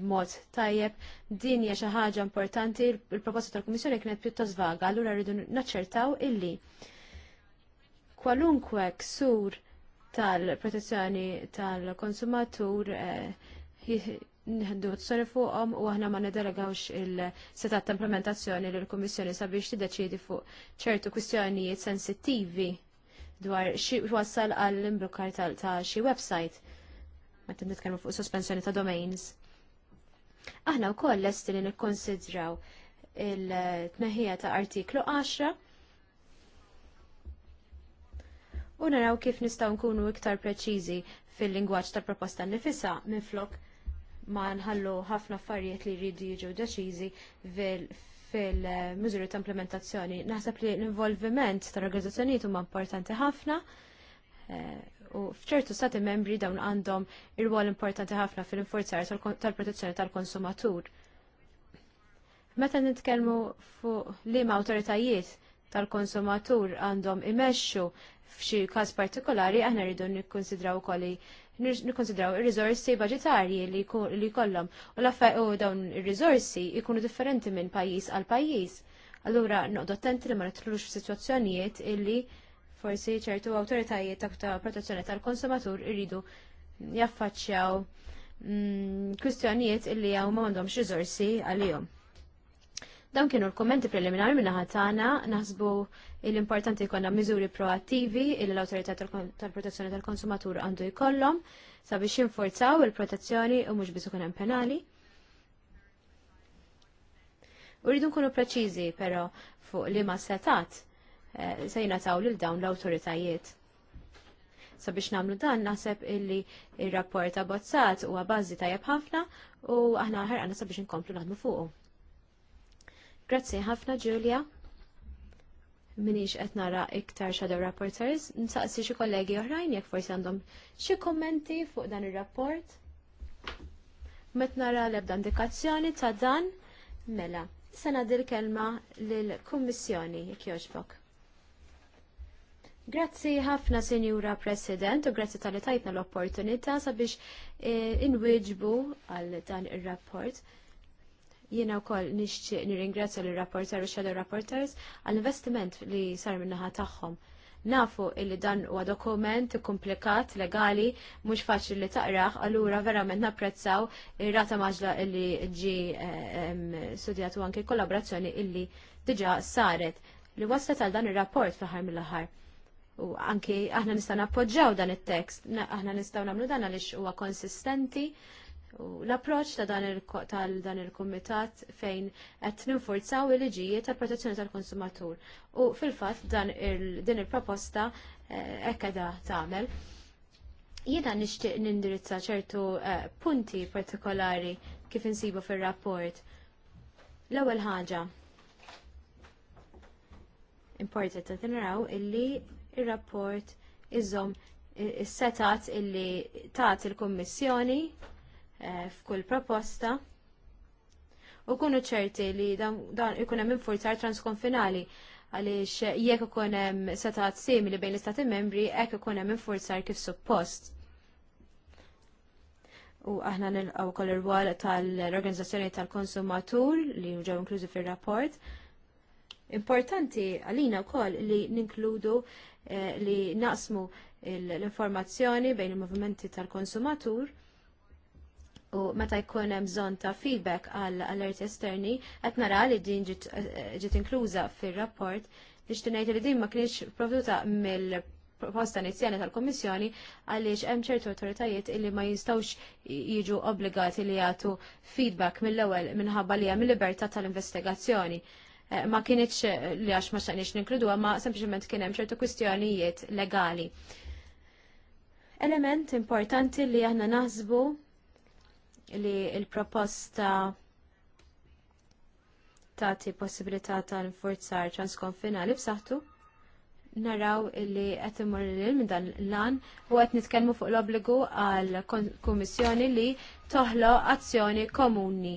b'mod tajjeb. Din hija xi ħaġa importanti, il-proposta tal-Kummissjoni kienet pjuttost vaga, allura rridu naċċertaw illi kwalunkwe ksur tal-protezzjoni tal-konsumatur eh, nħeddu t-sori fuqom u aħna ma nedelegawx il-setat ta' implementazzjoni l-Komissjoni sabiex tiddeċidi fuq ċertu kwistjonijiet sensittivi dwar xi wassal għall imbrukar ta' xi website meta nitkellmu fuq sospensjoni ta' domains. Aħna wkoll lesti li nikkonsidraw il tneħija ta' artiklu 10 u naraw kif nistgħu nkunu iktar preċiżi fil-lingwaġġ tal-proposta nifisa minflok ma nħallu ħafna affarijiet li jridu jiġu deċiżi fil-miżuri ta' implementazzjoni. Naħseb li l-involviment tal-organizzazzjonijiet huma importanti ħafna eh, u fċertu stati membri dawn għandhom il rwol importanti ħafna fil inforzar tal-protezzjoni tal-konsumatur. Meta nitkellmu fuq liema awtoritajiet tal-konsumatur għandhom imexxu f'xi każ partikolari aħna rridu nikkonsidraw ukoll nikkonsidraw ir rizorsi budgetarji li jkollhom u l-affar u dawn ir rizorsi jkunu differenti minn pajjiż għal pajjiż. Allura noqdu attenti li ma nitlux f'sitwazzjonijiet illi forsi ċertu awtoritajiet ta' protezzjoni tal-konsumatur irridu jaffaċċjaw mm, kwistjonijiet illi hawn m'għandhomx għal għalihom. Dawn kienu l-kommenti preliminari minna ħatana, naħsbu l-importanti jkollna miżuri proattivi il l-autorità tal-protezzjoni tal-konsumatur għandu jkollhom sabiex jinforzaw il-protezzjoni u mhux biss ikun hemm penali. Uridu nkunu preċizi, però fuq li ma setat eh, se jingħataw lil dawn l-awtoritajiet. Sabiex namlu dan naħseb illi il rapport abbozzat huwa bażi tajjeb ħafna u aħna ħerqana sabiex inkomplu naħdmu fuqu. Grazzi ħafna Julia. Minix qed nara iktar shadow rapporters, nsaqsi xi kollegi oħrajn jekk forsi għandhom xi kummenti fuq dan ir-rapport. Met nara l-ebda indikazzjoni ta' dan mela. Sena dil kelma lill-Kummissjoni jekk jogħġbok. Grazzi ħafna Senjura President u grazzi tal-li tajtna l-opportunità sabiex eh, inwiġbu għal dan ir rapport Jiena wkoll nixtieq nirringrazzja l rapporter u shadow rapporters għall-investiment li sar min-naħa tagħhom. Nafu illi dan huwa dokument komplikat, legali, mhux faċli li taqrah, allura verament napprezzaw ir-rata maġla illi ġi eh, studjat u anke kollaborazzjoni illi diġa' saret li waslet għal dan ir-rapport fl-aħħar mill-aħħar. U anki aħna nistgħu nappoġġjaw dan it-tekst, aħna nistgħu nagħmlu dan għaliex huwa konsistenti U l-approċ ta' dan il-komitat fejn qed ninforzaw il-liġijiet tal protezzjoni tal-konsumatur. U fil-fatt dan din il-proposta eh, hekk da tagħmel. Jiena nixtieq nindirizza ċertu eh, punti partikolari kif insibu fir-rapport. L-ewwel ħaġa importet ta' tinraw illi il rapport iżom is-setat illi tagħti il-Kummissjoni Eh, f'kull proposta u kunu ċerti li dan ikun hemm infurzar transkonfinali għaliex jekk ikun hemm setat simili bejn l-istati membri hekk ikun hemm infurzar kif suppost. U aħna nilqgħu wkoll ir-rwol tal-organizzazzjoni tal-konsumatur li ġew inklużi fir-rapport. Importanti għalina wkoll li ninkludu eh, li naqsmu l-informazzjoni bejn il-movimenti tal-konsumatur u meta jkun hemm bżonn ta' feedback għal alert esterni qed nara li din ġiet eh, inkluża fir-rapport biex ngħid li din ma kienx provduta mill proposta nizzjani tal-Kommissjoni għaliex hemm ċertu autoritajiet illi ma jistgħux jiġu obbligati li jagħtu feedback mill-ewwel minħabba li hemm libertà tal-investigazzjoni. Eh, ma kienx eh, li għax ma xaqniex ninkludu, ma sempliċement kien hemm ċertu kwistjonijiet legali. Element importanti li aħna naħsbu li l proposta tagħti possibilità ta' forzar transkonfinali b'saħħtu naraw illi qed immur lil minn dan l-lan u qed nitkellmu fuq l-obbligu għal kummissjoni li toħloq azzjoni komuni.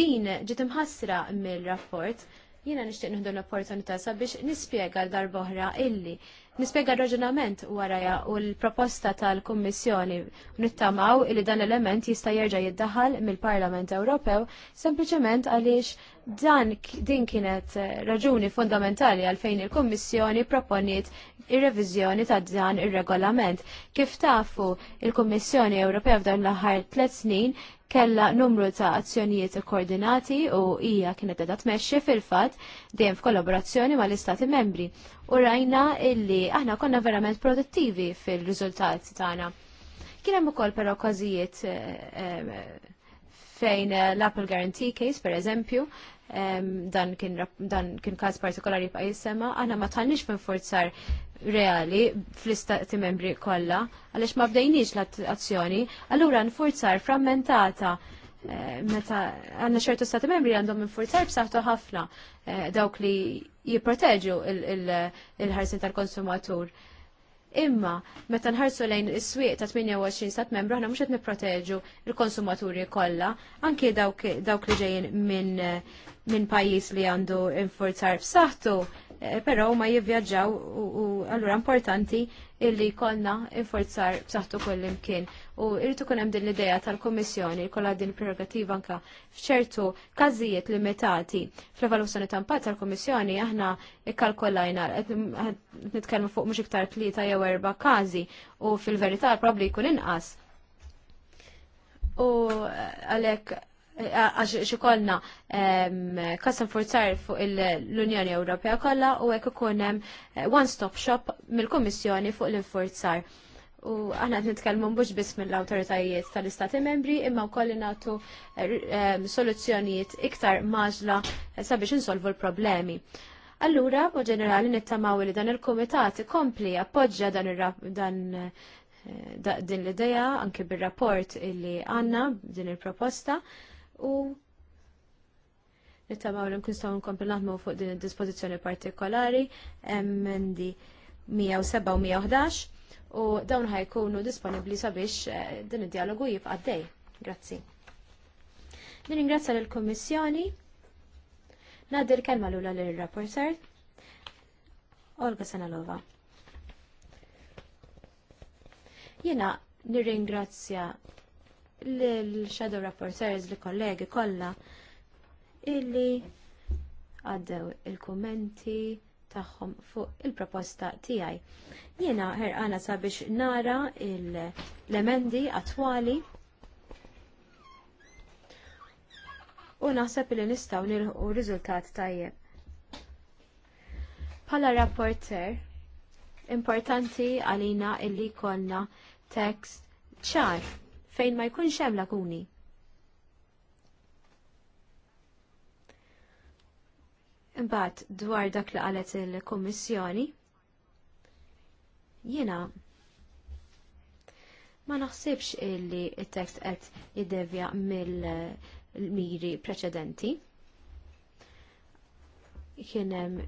Din ġiet imħassra mill-rapport. Jiena nixtieq nieħdu l-opportunità sabiex nispjega l darboħra illi nispjega r-raġunament waraja u l-proposta tal-Kummissjoni nittamaw li dan element jista' jerġa' jiddaħħal mill-Parlament Ewropew sempliċement għaliex dan din kienet eh, raġuni fundamentali għalfejn il-Kummissjoni proponiet ir-reviżjoni ta' dan ir-regolament. Kif tafu il-Kummissjoni Ewropea f'dan l-aħħar tliet snin kella numru ta' azzjonijiet koordinati u hija kienet qiegħda tmexxi fil-fatt dejjem f'kollaborazzjoni mal-Istati Membri. U rajna illi aħna konna verament produttivi fil-riżultati tagħna. Kien hemm ukoll però każijiet eh, eh, fejn eh, l-Apple Guarantee Case, per eżempju, ehm, dan kien, dan kien każ partikolari pajis sema, aħna ma tħallniex minn forzar reali fl-istati membri kollha, għaliex ma bdejniex l-azzjoni, allura nfurzar frammentata Eh, meta għanna ċertu stati membri għandhom infurzar b'saħħtu ħafna eh, dawk li jipproteġu il-ħarsin tal-konsumatur. Imma, meta nħarsu lejn is-swieq ta' 28 stat membru, aħna mhux qed nipproteġu il-konsumaturi kollha, anke dawk, li ġejjin minn eh, min pajjiż li għandu infurzar b'saħħtu Eh, però ma jivvjaġġaw u allura importanti illi konna inforzar b'saħħtu kull imkien. U jrid ikun hemm din l-idea tal-Kummissjoni jkollha din prerogativa anka f'ċertu każijiet limitati. fl evaluzzjoni ta' impatt tal-Kummissjoni aħna ikkalkolajna qed nitkellmu fuq mhux iktar tlieta jew erba' każi u fil-verità probabbli jkun inqas. U eh, għalhekk għax xikolna custom forzar fuq l-Unjoni Ewropea kollha u hekk ikun hemm eh, one-stop shop mill-Kummissjoni fuq l-infurzar. U aħna qed nitkellmu mhux biss mill-awtoritajiet tal-Istati Membri imma kolli nagħtu eh, soluzzjonijiet iktar maġla sabiex insolvu l-problemi. Allura, u ġenerali nittamaw li dan il-Kumitat ikompli appoġġja dan il eh, din l-ideja anke bir-rapport illi għanna din il-proposta. il proposta u nittamaw li nkun staw nkompli naħdmu fuq din id-dispożizzjoni partikolari Mendi 107 u 111 u dawn ħajkunu disponibbli sabiex eh, din id-dialogu jibqa' dej. Grazzi. Nirringrazzja lill-Kummissjoni. Nadir kelma l-ula l-rapporter. Olga Sanalova. Jena nirringrazzja l-Shadow Rapporteurs li kollegi kollha illi għaddew il-kummenti tagħhom fuq il-proposta tiegħi. Jiena ħerqana sabiex nara l-emendi attwali u naħseb li nistgħu nilħu riżultat tajjeb. Bħala rapporter, importanti għalina illi konna tekst ċar fejn ma jkunx hemm lakuni. Imbagħad dwar dak li qalet il-Kummissjoni, jiena ma naħsibx illi il tekst qed jiddevja mill-miri preċedenti. Kienem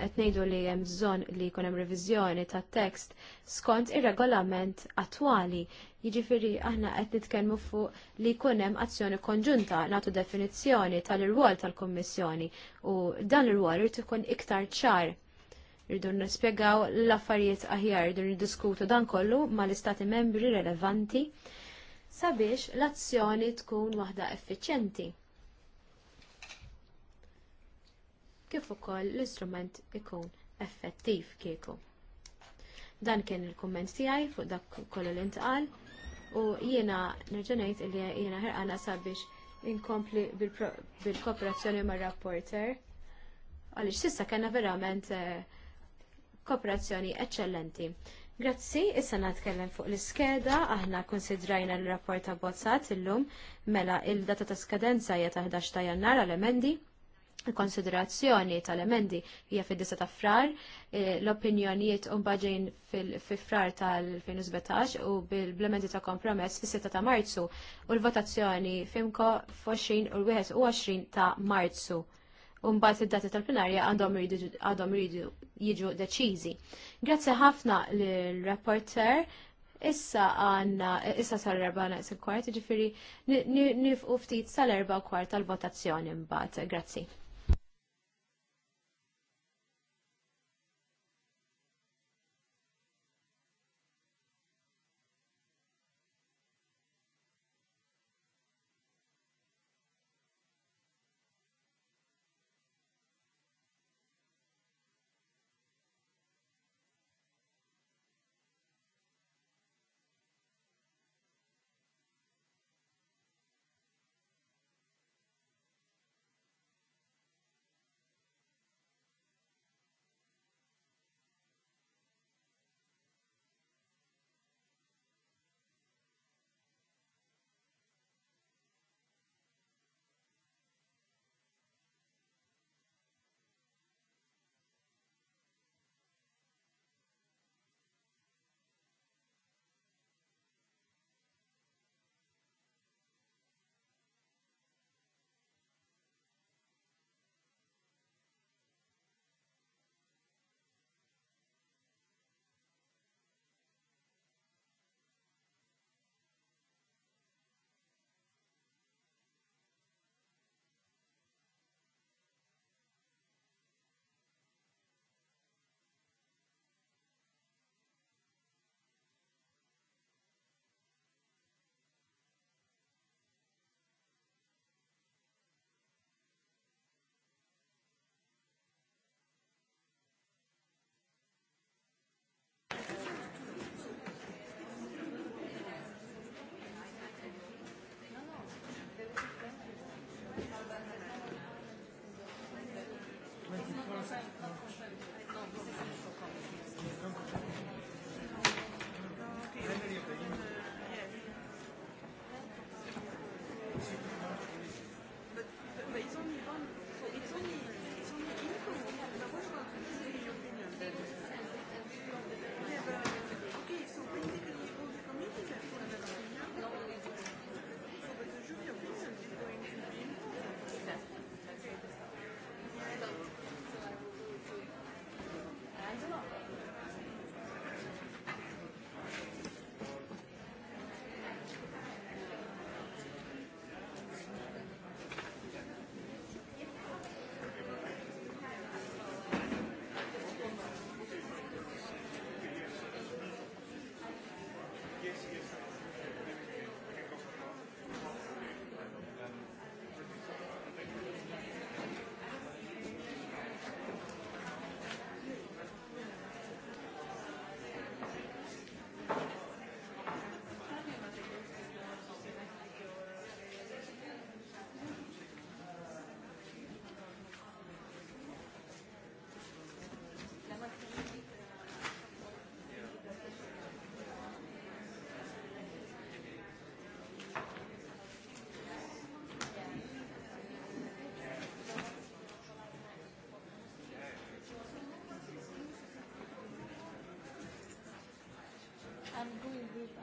qed ngħidu li hemm bżonn li jkun hemm reviżjoni tat-tekst skont ir-regolament attwali. Jiġifieri aħna qed nitkellmu fuq li jkun hemm azzjoni konġunta nagħtu definizzjoni tal-irwol tal-Kummissjoni u dan ir-rwol irid ikun iktar ċar. Irridu nispjegaw l-affarijiet aħjar, irridu niddiskutu dan kollu mal-istati membri relevanti sabiex l-azzjoni tkun waħda effiċjenti. kif ukoll l-istrument ikun effettiv kieku. Dan kien il-kumment tiegħi fuq dak kollu li ntqal u jiena nerġa' ngħid li jiena ħerqana sabiex inkompli bil-kooperazzjoni mar rapporter għaliex sissa kellna verament eh, kooperazzjoni eċċellenti. Grazzi, issa natkellem fuq l-iskeda, aħna konsidrajna l-rapport abbozzat illum mela il-data ta' skadenza hija ta' 11 ta' jannar għal emendi konsiderazzjoni tal-emendi hija fid-9 ta' frar, eh, l-opinjonijiet mbaġin fil-frar tal-2017 u bil-blemendi ta' kompromess fis-6 ta' marzu u l-votazzjoni fimko f'20 u l 21 ta' marzu. Umbat id-dati tal-plenarja għandhom rridu jiġu deċiżi. Grazzi ħafna l-rapporter issa għanna, issa sal-erba għanna il-kwart, ġifiri, nifqu ftit sal-erba kwart tal-votazzjoni mbagħad. Grazzi.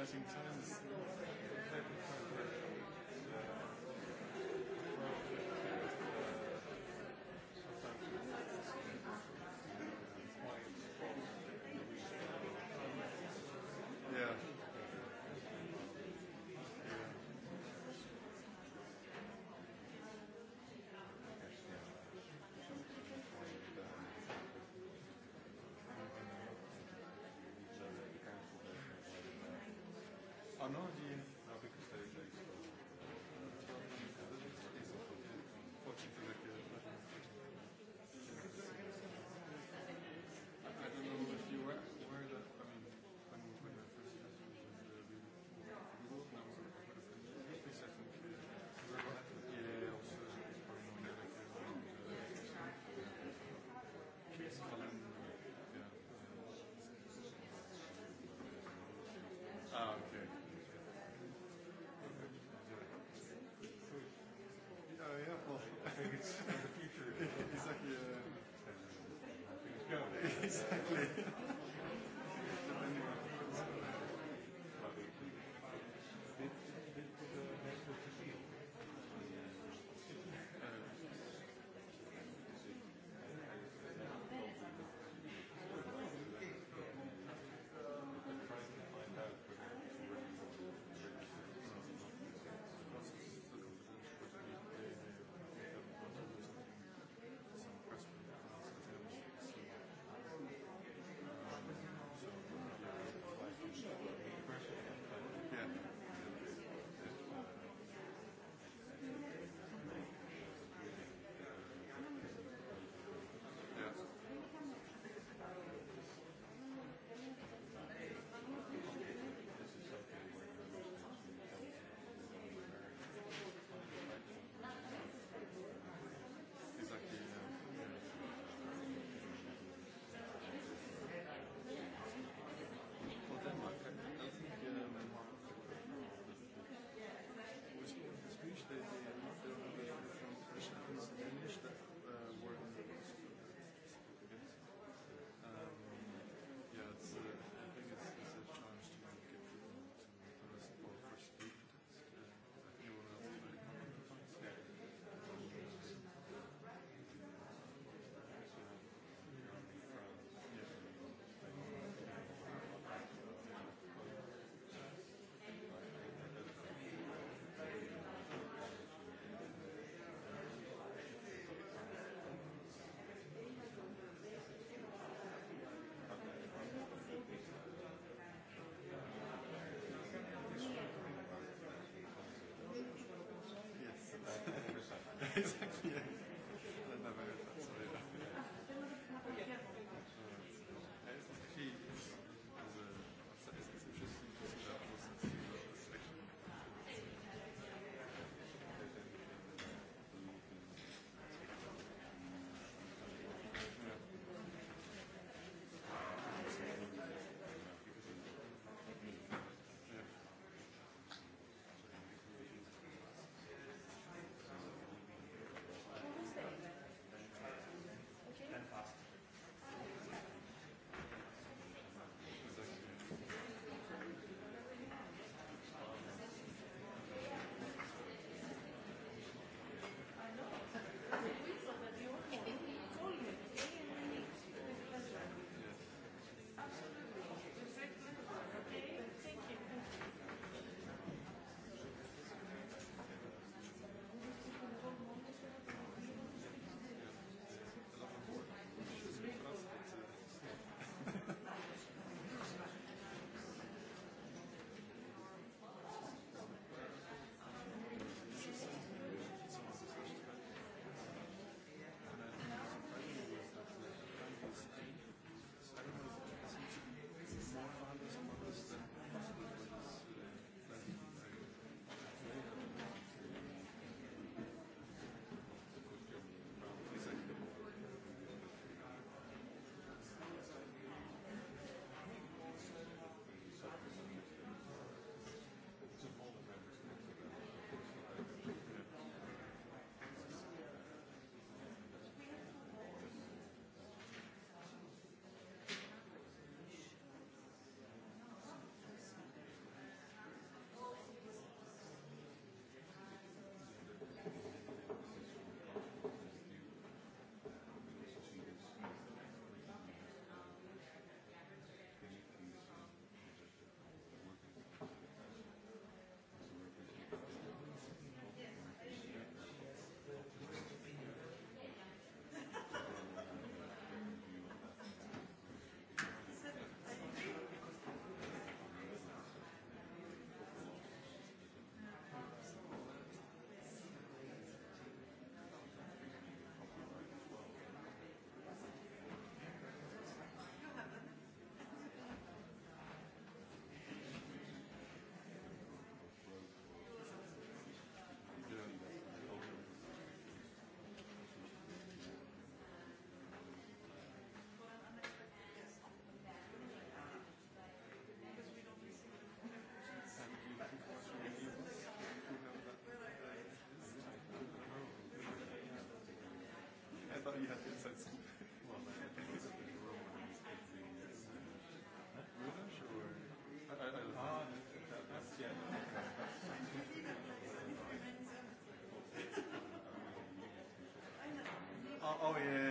exciting times. think it's the future. exactly. Uh, exactly. exactly. oh yeah.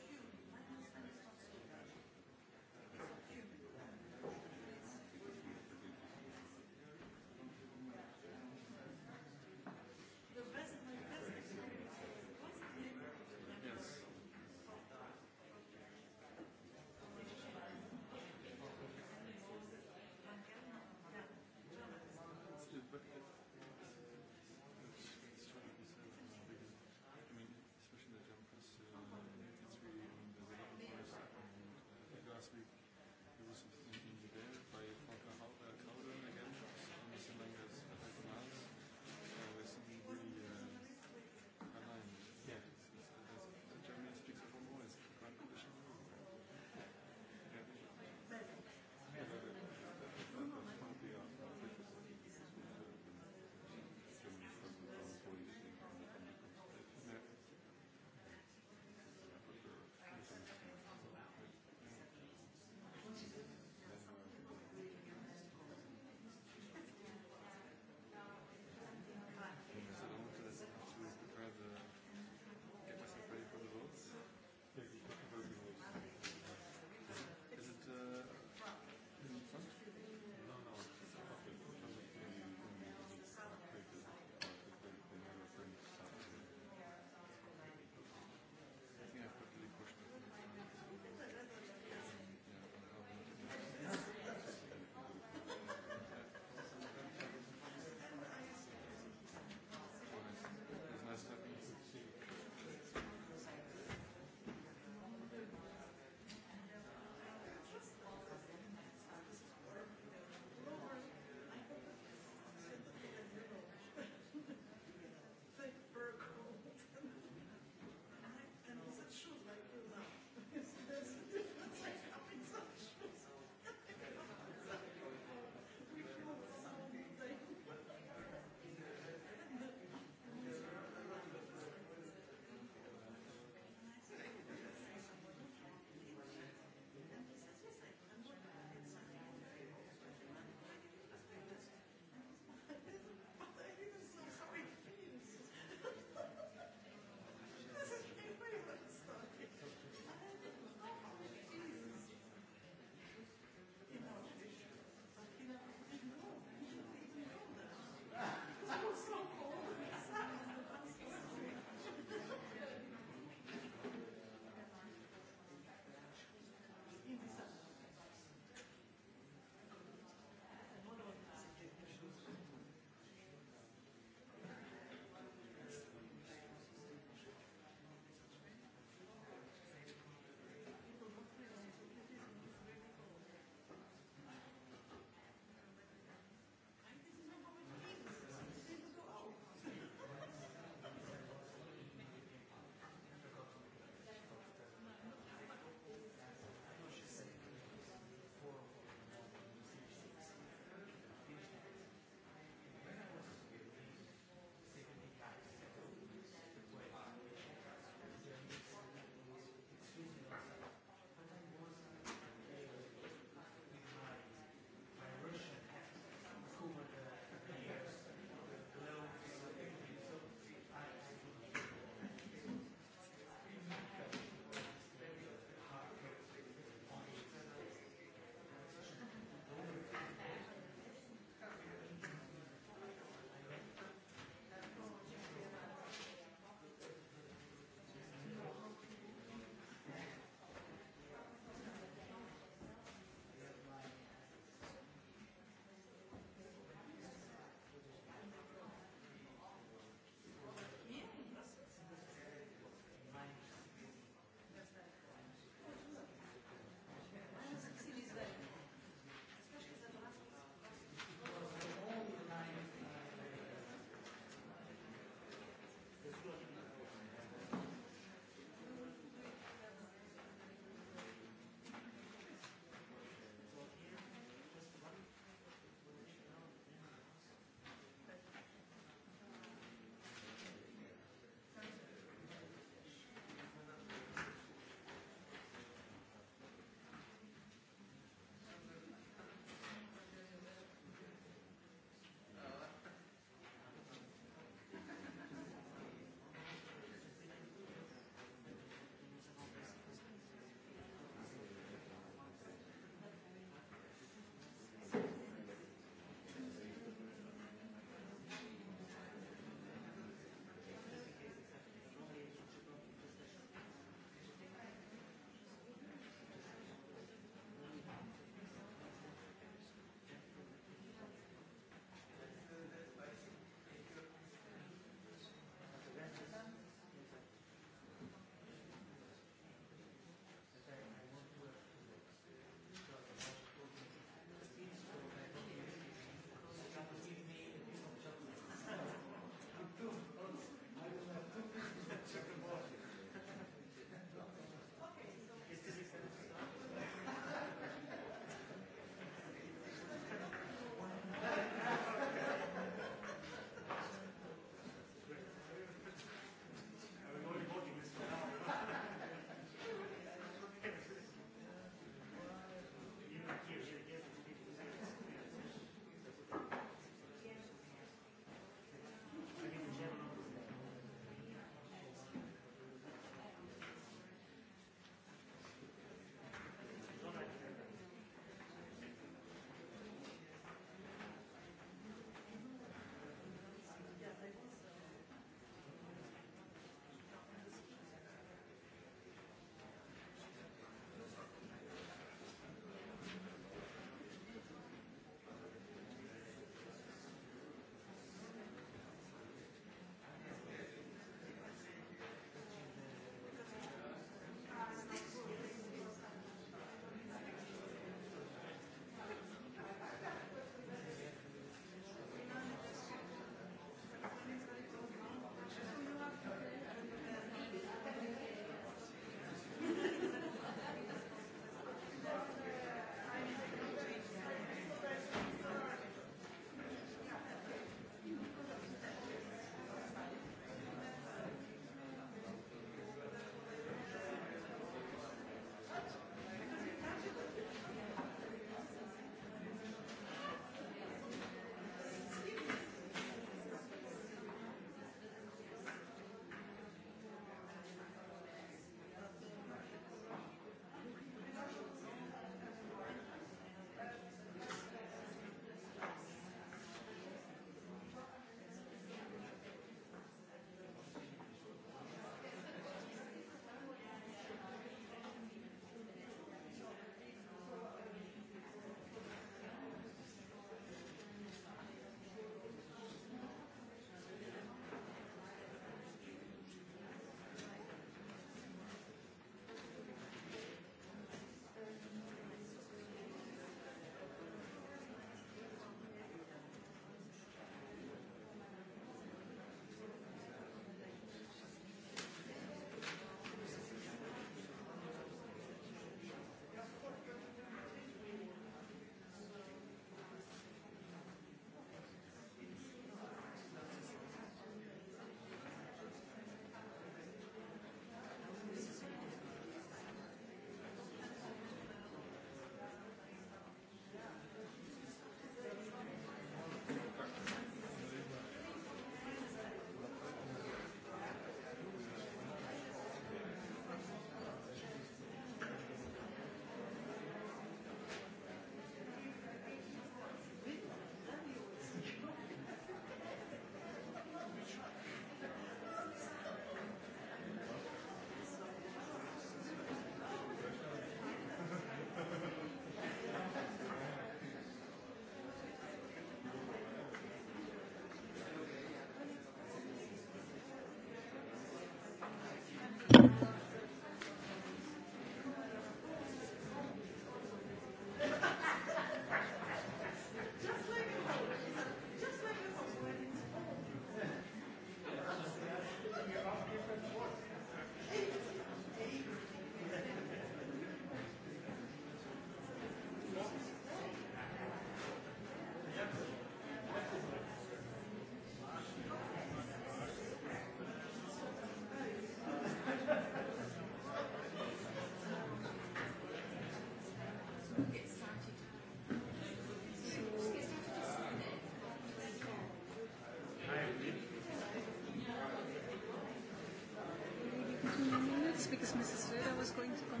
speak as Mrs. Reda was going to come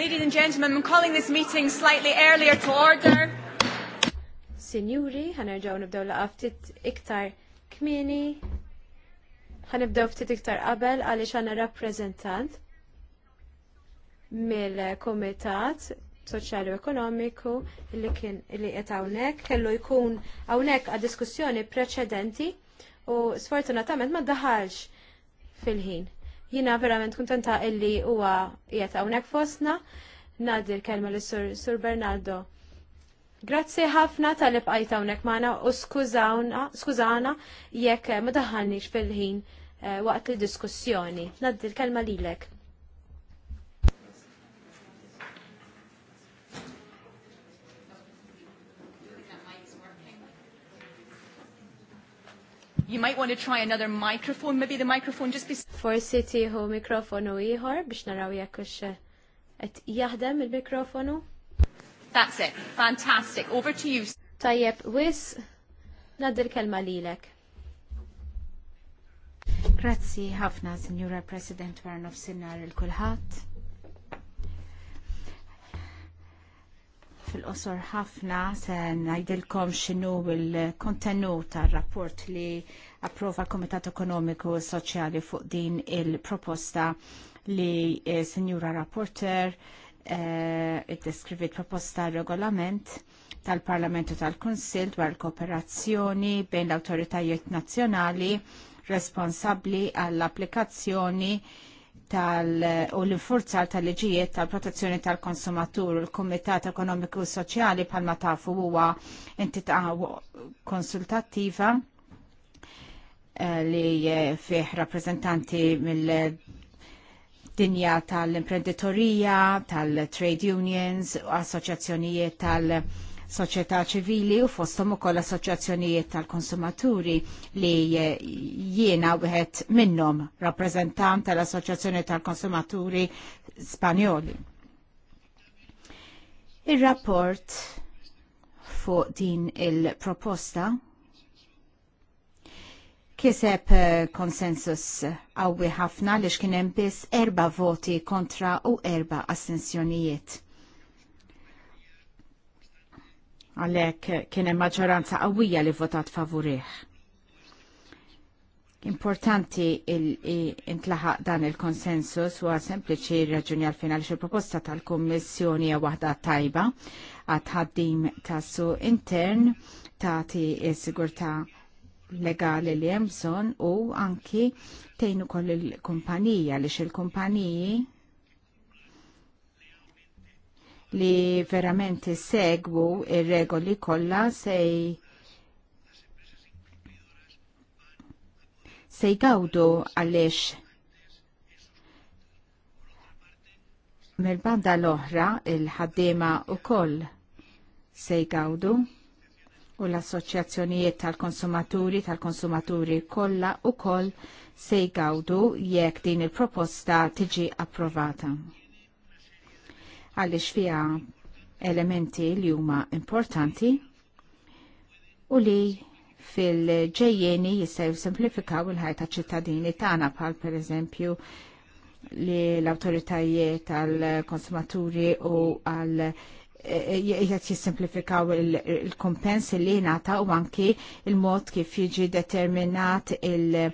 Ladies and gentlemen, I'm calling this meeting slightly earlier to order. Signori, ħanerġaw nibdew laqa ftit iktar kmini. Ħanibdew ftit iktar qabel għaliex għandna rappreżentant mill-Kumitat Soċjali u Ekonomiku li kien li qed hawnhekk kellu jkun hawnhekk għad diskussjoni preċedenti u sfortunatament ma daħalx fil-ħin. Jina verament kontenta illi huwa qiegħed hawnhekk fostna. Nadir kelma li sur, sur Bernardo. Grazzi ħafna tal-li bqajt hawnhekk magħna u skużana jekk ma daħħalniex fil-ħin eh, waqt il-diskussjoni. Nadir l-kelma lilek. You might want to try another microphone, maybe the microphone just be... For city ho mikrofonu iħor biex naraw jekkux et eh, jahdem il-mikrofonu. That's it. Fantastic. Over to you. Tajjeb, wis, nadir kelma lilek. Grazzi ħafna, Signora President, warnof Sinar il-kulħat. fil-qosor ħafna se ngħidilkom x'inhu l-kontenut tar-rapport li approva komitat Ekonomiku Soċjali fuq din il-proposta li Senjura eh, Sinjura Rapporter eh, deskrivit proposta regolament tal-Parlamentu tal-Konsil dwar kooperazzjoni bejn l-autoritajiet nazzjonali responsabbli għall-applikazzjoni tal u l infurzal tal-liġijiet tal-protezzjoni tal-konsumatur u l-Kumitat Ekonomiku u Soċjali bħalma tafu huwa entità konsultattiva eh, li fih rappresentanti mill dinja tal-imprenditorija, tal-trade unions, assoċjazzjonijiet tal-, -imprenditorija, tal soċjetà ċivili u fosthom ukoll assoċjazzjonijiet tal-konsumaturi li eh, jiena wieħed minnhom rappreżentant tal-Assoċjazzjoni tal-Konsumaturi Spanjoli. Ir-rapport fuq din il-proposta kiseb eh, konsensus għawi ħafna li xkien hemm biss erba' voti kontra u erba' astensjonijiet għalhekk kien hemm maġġoranza qawwija li votat favurih. Importanti intlaħaq dan il-konsensus huwa sempliċi raġuni għalfejn għaliex il-proposta tal-Kummissjoni hija waħda tajba għadħaddim ta' tassu intern tagħti s-sigurtà legali li hemm bżonn u anki tejnu koll il-kumpanija għaliex il-kumpaniji li verament segwu ir-regoli kollha sej se jgawdu għaliex mill-banda l-oħra il-ħaddiema wkoll se jgawdu u l-assoċjazzjonijiet tal-konsumaturi tal-konsumaturi kollha koll se jgawdu jekk din il-proposta tiġi approvata għaliex fiha elementi li huma importanti u li fil-ġejjeni jista' simplifikaw il-ħajta ċittadini tagħna bħal pereżempju li l-autoritajiet għal-konsumaturi u għal e, e, jgħat jissimplifikaw il-kompens il li nata u anki il-mod kif jiġi determinat il-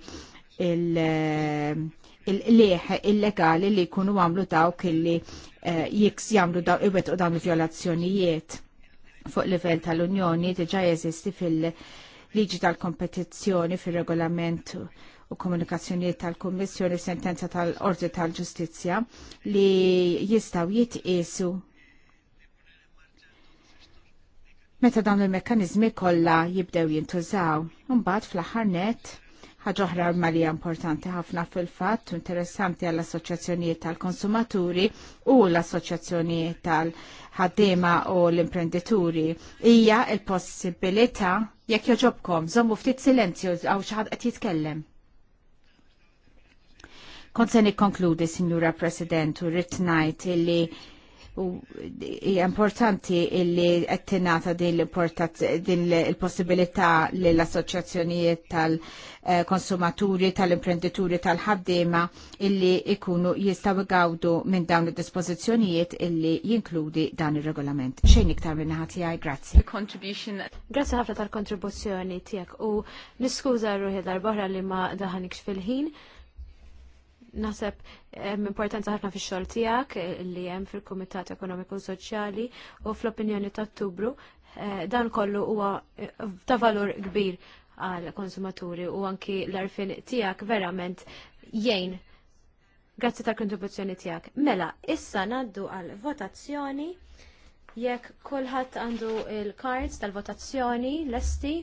il- il-leħ illegali li jkunu għamlu dawk illi eh, jiks jamlu daw iwet u dawn il-violazzjonijiet fuq livell tal-Unjoni diġa jeżisti fil-liġi tal-kompetizzjoni fil-regolament u komunikazzjonijiet tal-Kommissjoni sentenza tal-Ordi tal-Ġustizzja li jistaw jitqisu meta dawn il-mekkanizmi kollha jibdew jintużaw. Mbagħad fl-aħħar net ħagħuħra malija importanti ħafna fil-fat, interessanti għall assoċjazzjonijiet tal-konsumaturi u l-assoċjazzjonijiet tal-ħaddima u l-imprenditori. Ija il-possibilita jekk joġobkom, zommu ftit silenzju għaw xaħad qed jitkellem. Kont se nikkonkludi, Signora President, u rrit illi u hija importanti illi qed tingħata din l-possibilità lill assoċjazzjonijiet tal-konsumaturi, tal-imprenditori, tal-ħaddiema illi ikunu jistgħu għawdu minn dawn id dispozizjonijiet illi jinkludi dan ir-regolament. Xejn iktar minn ħati tiegħi, grazzi. Grazzi ħafna tal-kontribuzzjoni tiegħek u niskuża ruħi darba li ma daħanikx fil-ħin. Naħseb hemm importanza ħafna fix-xogħol tiegħek eh, li hemm fil-Kumitat Ekonomiku Soċjali u fl-opinjoni ta' Ottubru eh, dan kollu huwa eh, ta' valur kbir għal konsumaturi u anki l-arfin tiegħek verament jgħin. Grazzi tal kontribuzzjoni tiegħek. Mela, issa naddu għal votazzjoni jekk kulħadd għandu il-cards tal-votazzjoni lesti.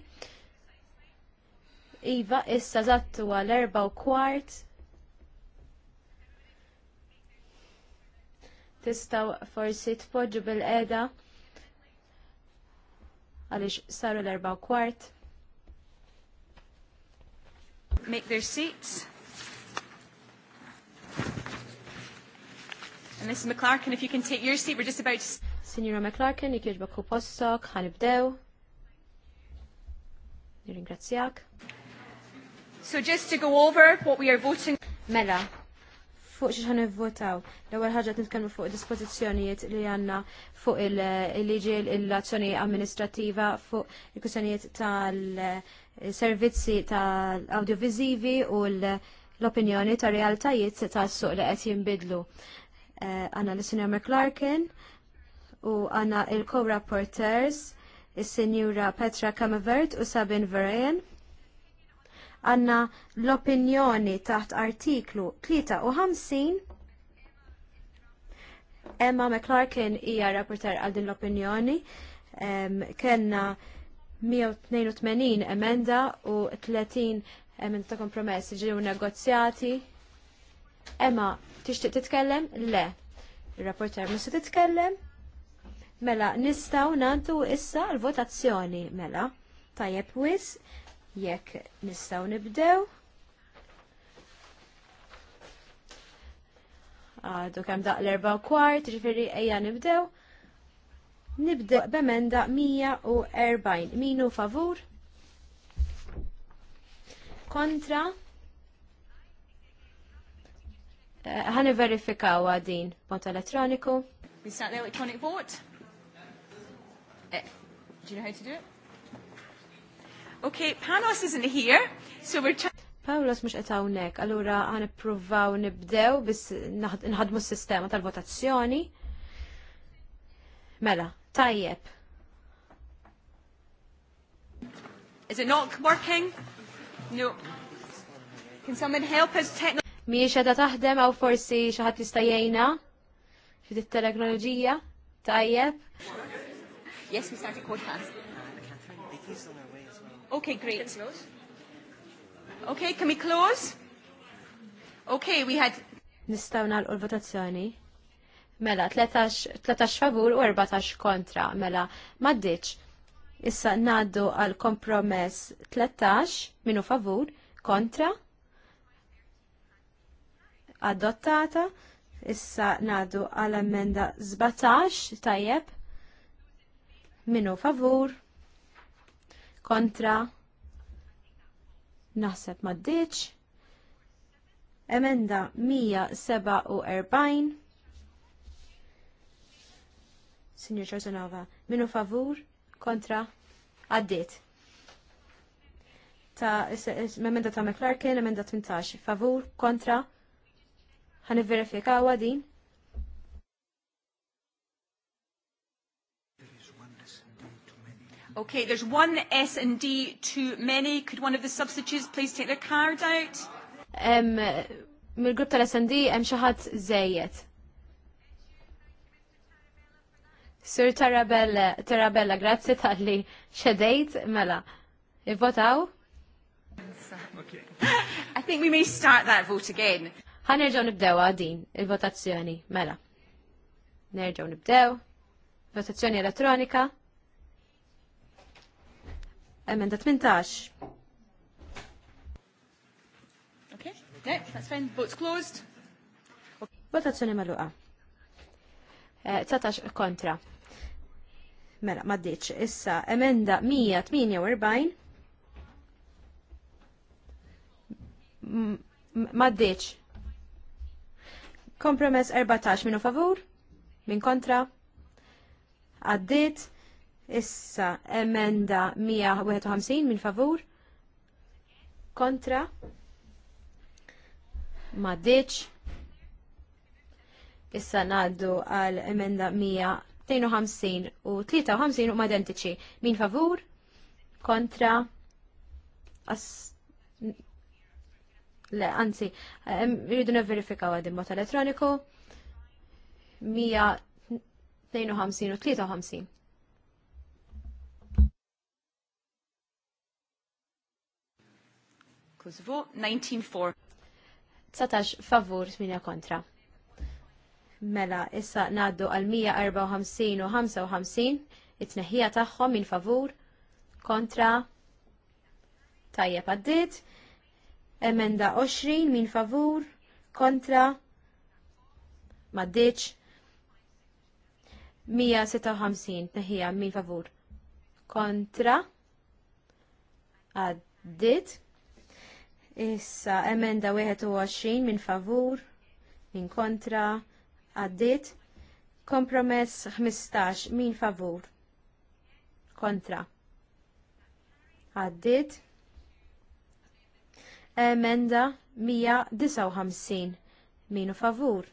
Iva, issa zattu għal erba u kwart tistaw forsi tpoġġu bil-qeda għaliex saru l-erba kwart. Make their seats. And Mrs. McClarkin, if you can take your seat, we're just about to... Signora McClarkin, jek jġbak u postok, ħanibdew. Nirringrazzjak. So just to go over what we are voting... Mela, fuq xi ħan nivvotaw. L-ewwel ħaġa nitkellmu fuq dispożizzjonijiet li għandna fuq il-liġi l-azzjoni amministrattiva fuq il-kwistjonijiet tal-servizzi tal-audiovisivi u l-opinjoni ta' realtajiet tas-suq li qed jinbidlu. Eh, għandna l-Sinjor McClarkin u għandna il-co-rapporters is-Sinjura Petra Kamavert u Sabin Verajen għanna l-opinjoni taħt artiklu 53 Emma McClarkin hija rapporter għal din l-opinjoni um, kenna 182 emenda u 30 emenda ta' kompromess ġiru negozjati Emma tixtieq titkellem? Le. Il-rapporter musu titkellem? Mela, nistaw nantu issa l-votazzjoni, mela. Tajjeb wis, jekk nistaw nibdew. Għadu kem daq l-erba u kwart, ġifiri eja nibdew. Nibdew b'emenda 140. Minu favur? Kontra? Eh, ħani verifikaw għadin bot elettroniku. Is that the electronic vote? Eh, do you know how to do it? Okay, Panos isn't here, so we're Pawlos mux qed hawnhekk, allura għan ippruvaw nibdew bis nħadmu s-sistema tal-votazzjoni. Mela, tajjeb. Is it not working? No. Can someone help us technically? Miex qed taħdem għaw forsi xi ħadd jista' jgħinha fid teknoloġija Tajjeb. Yes, we started podcast. Catherine, Okay, great. Okay, can we close? Okay, we had... Nistawna nalqu l-votazzjoni. Mela, 13, 13 favur u 14 kontra. Mela, maddiċ. Issa naddu għal kompromess 13 minu favur kontra adottata. Issa naddu għal emenda 17 tajjeb minu favur kontra naħseb maddiċ. Emenda 147 Signor Ċarzonova, minu favur kontra għaddit. Ta' emenda ta' McClarkin, emenda 18, favur kontra ħan verifikawa din. Okay, there's one S and D too many. Could one of the substitutes please take their card out? Um, Mill-grupp tal and D, xi ħadd żejjed. Sir Tarabella, Tarabella, grazzi tal-li xedejt, mela. Ivvotaw? Okay. I think we may start that vote again. Ħanerġaw nibdew Adin. il-votazzjoni, mela. Nerġaw nibdew. Votazzjoni elettronika. Emenda 18. Okay, no, that's fine. Vote's closed. Votazzjoni maluqa. 19 eh, kontra. Mela, maddiċ. Issa, emenda 148. Maddiċ. Kompromess 14 minu favur, min kontra, għaddit, Issa emenda 151 min favur kontra ma Issa naddu għal emenda 152 u 53 u madentiċi. Min favur? Kontra? As... Le, anzi, jridu verifika għad mot elettroniku. 152 u 53. Kosovo, 19-4. Satax favur, 8 kontra. Mela, issa naddu għal 154 u 55, it-neħija tagħhom minn favur, kontra, tajjeb paddit, emenda 20 minn favur, kontra, maddiċ, 156 tneħija minn favur, kontra, għaddit, Issa emenda 21 minn favur, minn kontra, għaddit. Kompromess 15 minn favur, kontra, għaddit. Emenda 159 minn favur,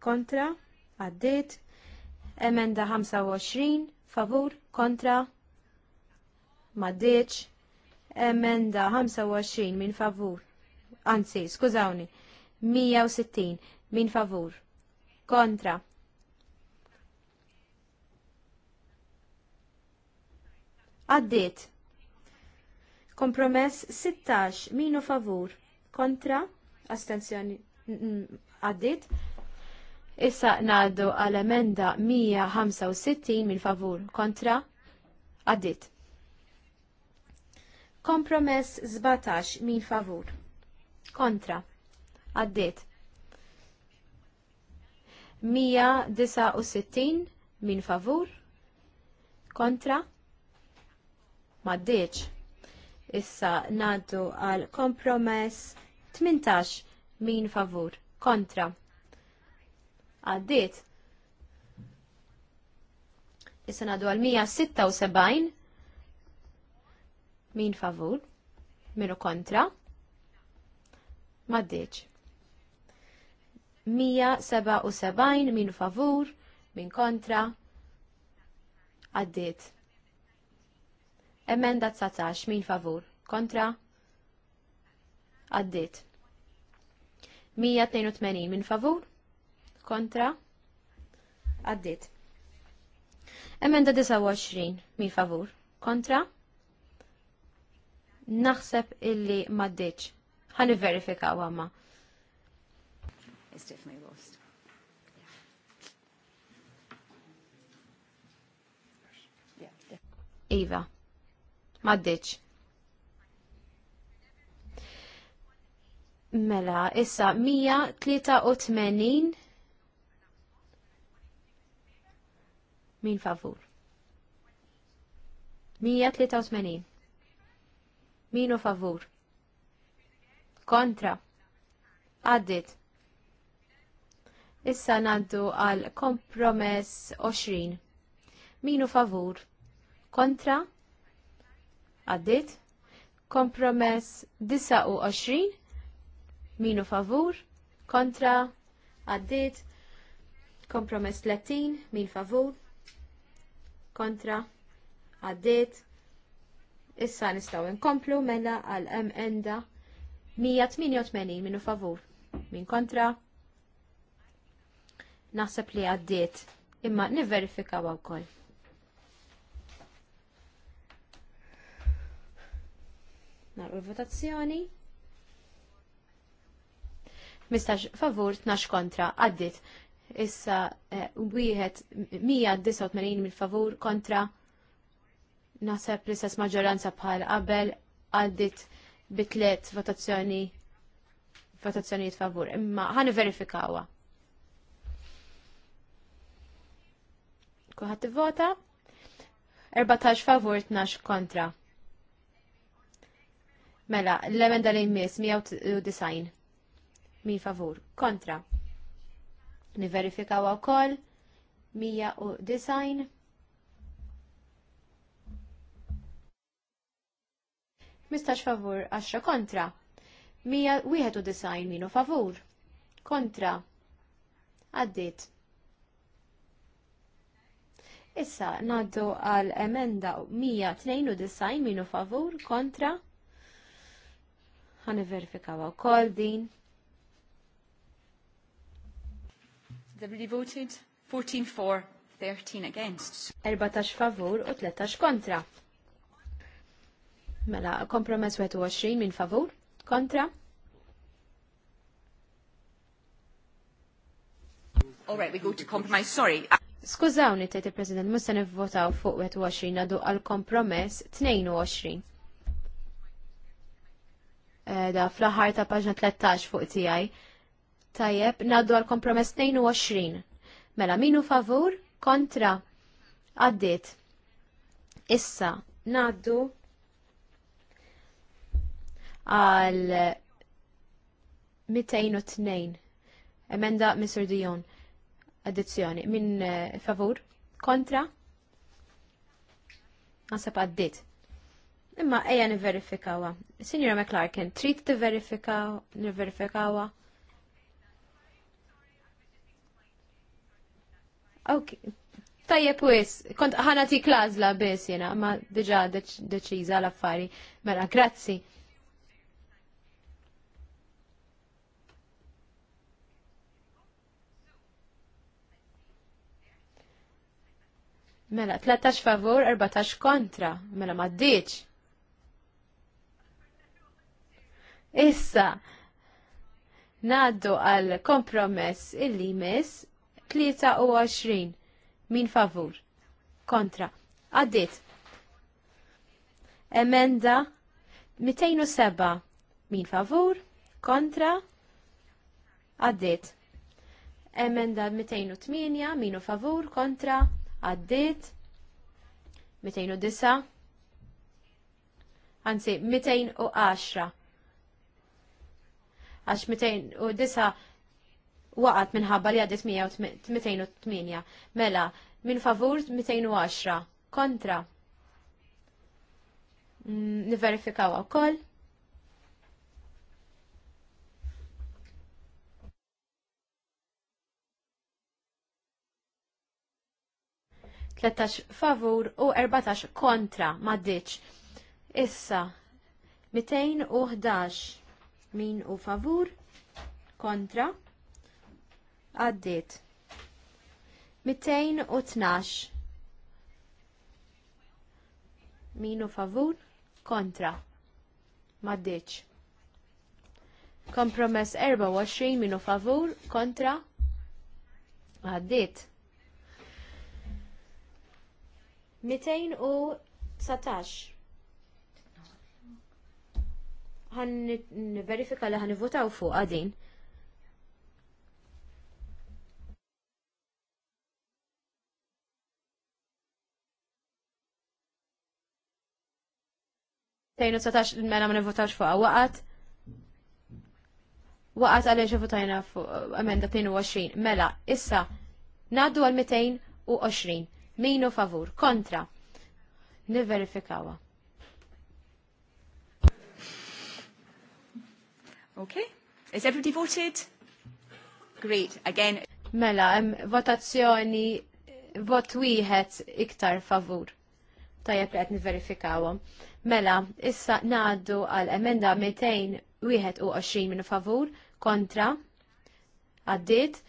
kontra, għaddit. Emenda 25 favur, kontra, maddeċ Emenda 25 min favur. Anzi, skużawni. 160 min favur. Kontra. Għaddit. Kompromess 16 min favur. Kontra. Astenzjoni. Għaddit. Issa naddu għal emenda 165 min favur. Kontra. Għaddit. Kompromess 17 min favur. Kontra. Għaddit. 169 min favur. Kontra. Maddiċ. Issa naddu għal kompromess 18 min favur. Kontra. Għaddit. Issa naddu għal 176 Min favur? Minu kontra? Maddiċ. 177 minu favur, min kontra, għaddit. Emenda 19 min favur, kontra, għaddit. 182 min favur, kontra, għaddit. Emenda 29 min favur, kontra, għaddit naħseb illi maddiċ. Ħani verifika għama. It's definitely lost. Iva, maddiċ. Mela, issa 183 min favur. 183 Minu favur. Kontra. Għaddit. Issa naddu għal kompromess 20. Minu favur. Kontra. Għaddit. Kompromess 29. Minu favur. Kontra. Għaddit. Kompromess 30. Min favur. Kontra. Għaddit Issa nistgħu nkomplu mela għal emenda 188 minu favur. Min kontra? Naħseb li għaddiet imma niverifikaw wkoll. Narqu l-votazzjoni. Mistax favur, 12 kontra, għaddiet Issa, eh, wieħed 189 mill favur kontra Naħseb li sess maġġoranza bħal qabel għaddit bitlet votazzjoni votazzjonijiet favur. Imma ħan verifikawa. Kuħat vota 14 favur 12 kontra. Mela, l-emenda li jmiss 190. Mi favur. Kontra. Niverifikaw u koll, 190. 15 favur, 10 kontra. 191 minu favur. Kontra. Għaddit. Issa naddu għal emenda 192 minu favur kontra. Għani verifikawa kol din. Everybody voted 14 for, 13 against. 14 favur u 13 kontra. Mela, kompromess 21 minn favur, kontra. All right, we go to compromise, sorry. Skużawni, tejt il-President, musta nivvotaw fuq 21 għadu għal-kompromess 22. Eh, da fl-ħar ta' paġna 13 fuq tijaj. Tajjeb, naddu għal-kompromess 22. Mela, minu favur? Kontra. Għaddit. Issa, naddu għal 202 emenda Mr. Dion addizzjoni minn eh, favur kontra għasab għaddit. Imma eja niverifikawa. Signora McClarkin, trid t-verifikawa, niverifikawa. Ok, tajjeb wis, kont ħana ti klazla bis jena, ma diġa deċiza l-affari. Mela, grazzi. Mela, 13 favur, 14 kontra. Mela, maddiċ. Issa, naddu għal kompromess illi mis 23. Min favur? Kontra. Għaddit. Emenda 207. Min favur? Kontra. Għaddit. Emenda 208. Minu favur? Kontra għaddit 209 anzi 210 għax 209 waqat minħabba li għaddit 208 mela minn favur 210 kontra niverifikaw għakoll koll 13 favur u 14 kontra maddiċ. Issa 211 min u favur kontra għaddit. 212 u favur kontra maddiċ. Kompromess 24 min u favur kontra għaddit. 219 ħan verifika li ħan votaw fuq għadin. Tejnu satax mela ma nivotawx fuq waqat. Waqat għalli votajna fuq emenda 22. Mela, issa, naddu għal 220. Minu favur, kontra. Niverifikawa. Okay. Is everybody voted? Great. Again. Mela, votazzjoni, vot wieħed iktar favur. Tajjeb li qed niverifikawhom. Mela, issa ngħaddu għal emenda 221 minn favur kontra għaddiet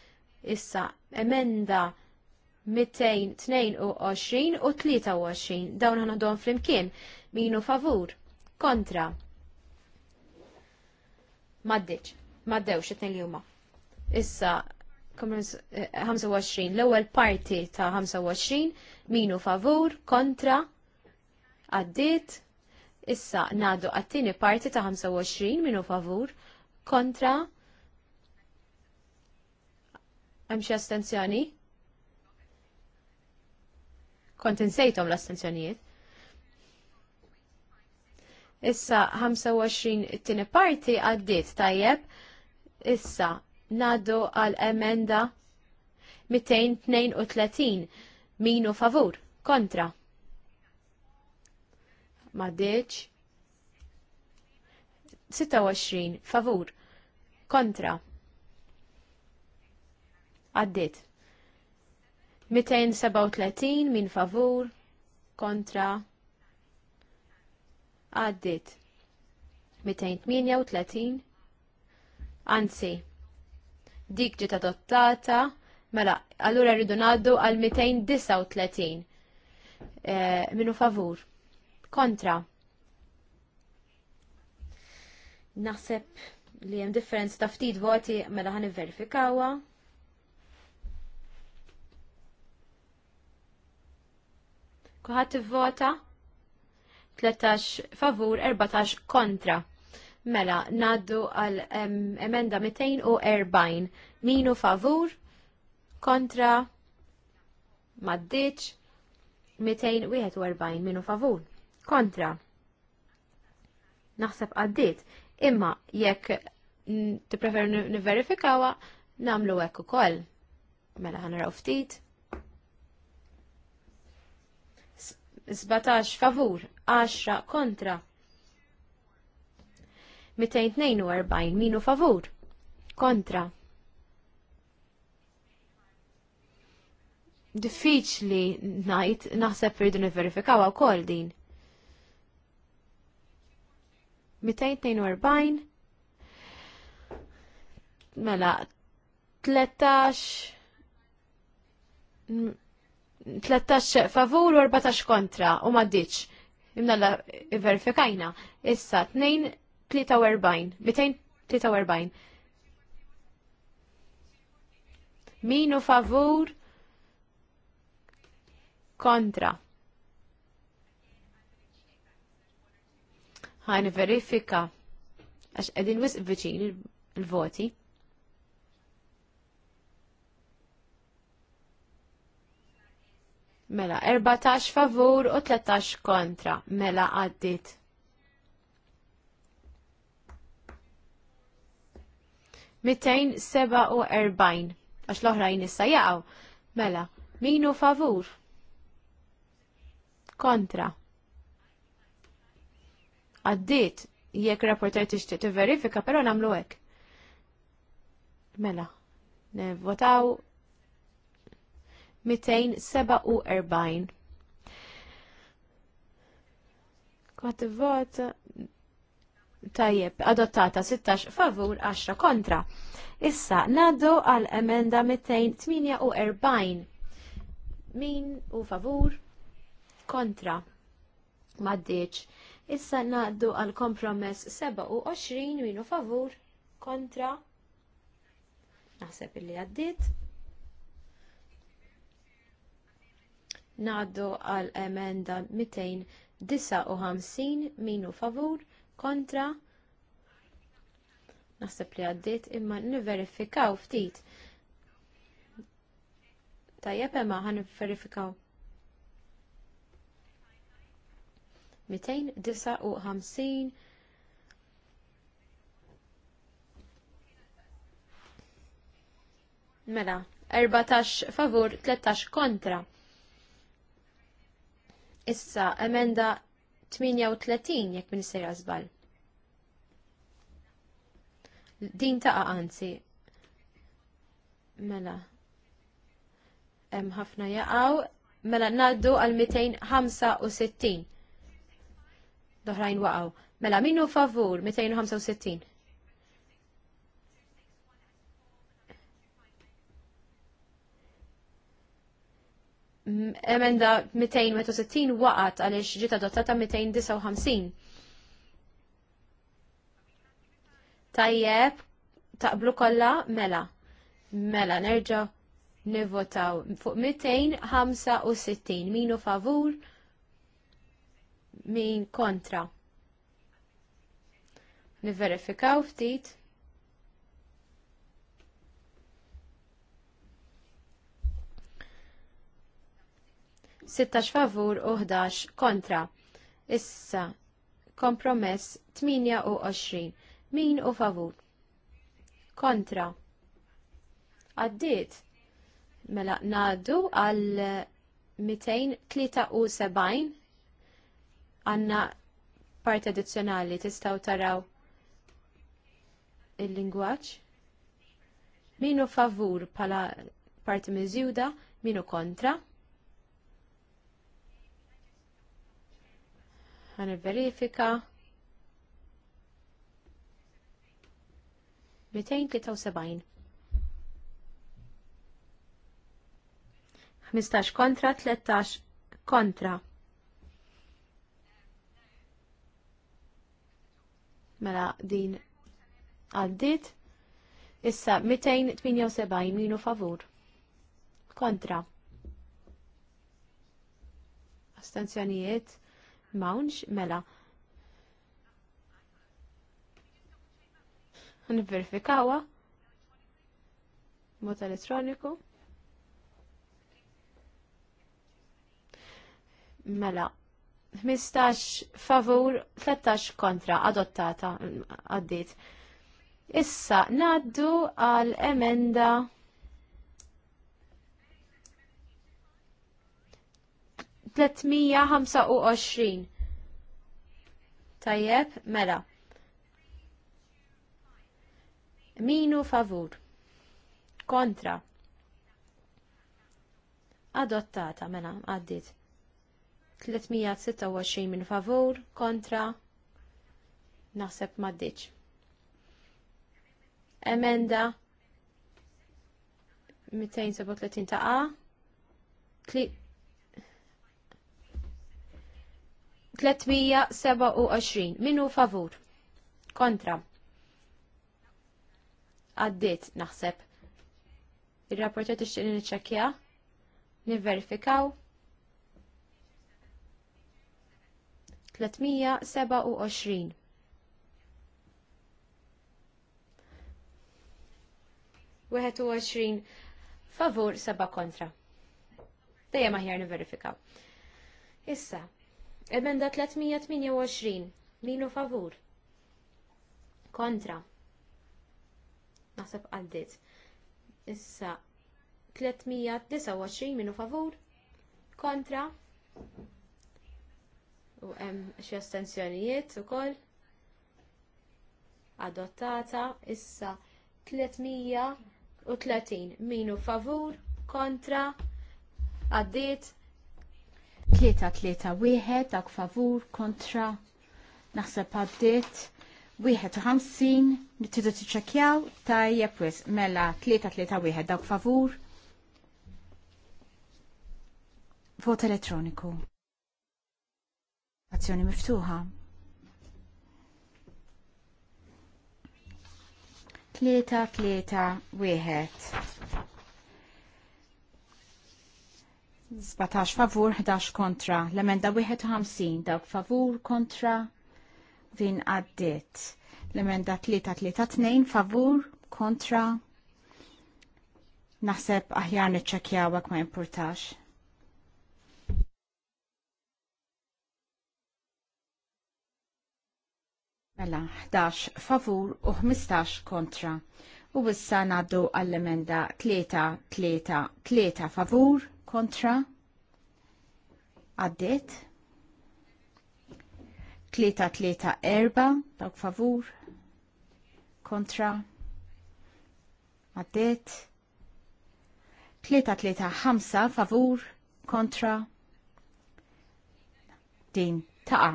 issa emenda 222 u 23 dawn ħanodhom flimkien minu favur kontra maddiċ maddewx it-tnejn li huma. Issa 25 eh, l-ewwel parti ta' 25 minu favur kontra għaddiet issa nadu għattini parti ta' 25 minu favur kontra hemm xi astenzjoni? kont insejtom l-astenzjonijiet. Issa 25 it-tieni parti għaddiet tajjeb, issa naddu għal emenda 232 minu favur kontra. Maddeċ 26 favur kontra. Għaddit. 237 min favur kontra għaddit 238 anzi dik ġiet adottata mela allura rridu ngħaddu għal 239 eh, minu favur kontra naħseb li hemm differenza ta' ftit voti mela ħan verifikawa. Kuħat vota 13 favur, 14 kontra. Mela, naddu għal emenda 240. Minu favur, kontra, maddiċ, 241 minu favur. Kontra. Naħseb għaddit. Imma jekk t-prefer n-verifikawa, namlu ekku kol. Mela ħanaraw ftit. 17 favur, 10 kontra. 242 minu favur, kontra. Diffiċ li najt naħseb rridu niverifikaw għaw kol din. 242 mela 13 13 favur u 14 kontra u maddiċ. la verifikajna. Issa 2 43, 243. Minu favur kontra. Ħajn verifika. Għax edin wisq viċin il-voti. Il Mela 14 favur u 13 kontra. Mela għaddit. Mittejn seba u erbajn. Għax l-oħrajn issa jaqaw. Mela, minu favur? Kontra. Għaddit, jekk rapporter tixtieq verifika, però nagħmlu hekk. Mela, nevvotaw 247. Kwat vot tajjeb adottata 16 favur 10 kontra. Issa naddu għal emenda 248. Min u favur kontra maddiċ. Issa naddu għal kompromess 27 u favur kontra naħseb illi għaddit. Ngħaddu għal emenda 259 minu favur kontra naħseb li għaddiet imma niverifikaw ftit. Tajjeb imma ħan verifikaw. 259 Mela, 14 favur, 13 kontra. Issa, emenda 38 jekk minn sejra Din taqa' anzi. Mela. Hemm ħafna jaqgħu. Mela ngħaddu għal 265. Doħrajn waqgħu. Mela minnu favur 265. emenda 260 waqat għaliex ġiet dotata 259. Tajjeb, taqblu kollha mela. Mela, nerġa' nivvotaw fuq 265 minu favur min kontra. Niverifikaw ftit. 16 favur u 11 kontra. Issa, kompromess 28. Min u favur? Kontra. Għaddit. Mela naddu għal 273 għanna part addizzjonali tistaw taraw il-lingwaċ. Minu favur pala parti mizjuda, minu kontra. ħan verifika 273 15 kontra 13 kontra mela din għaddit issa 278 minu favur kontra astenzjonijiet Mawnx, mela. Nverifikawa. Mod elettroniku. Mela. 15 favur, 13 kontra, adottata, għaddit. Issa, naddu għal emenda 325. Tajjeb, mela. Minu favur. Kontra. Adottata, mela, għaddit. 326 min favur, kontra, naħseb maddiċ. Emenda 237 ta' A, 327 minu favur kontra għaddit naħseb il-rapporta tixtieq li niċċekkja nivverifikaw 327 favur 7 kontra. Dejja maħjar niverifikaw. Issa, Emenda 328. Minu favur. Kontra. Naħseb għaddit. Issa 329 minu favur. Kontra. U hemm xi astensjonijiet ukoll. Adottata issa 330 minu favur kontra għaddiet 3-3-1 dak favur kontra naħseb għaddit 51 nittidu t-ċakjaw tajjeb wis mela 3-3-1 dak favur vot elettroniku azzjoni miftuħa 3-3-1 17 favur, 11 kontra. L-emenda 51 dawk favur kontra din għaddit. L-emenda 332 favur kontra. Naħseb aħjar niċċekjawek ma importax. Mela, 11 favur u 15 kontra. U bissa naddu għall-emenda 3 3 3 favur kontra għaddit 3-3-4 dawk favur kontra għaddit 3-3-5 favur kontra din taqa.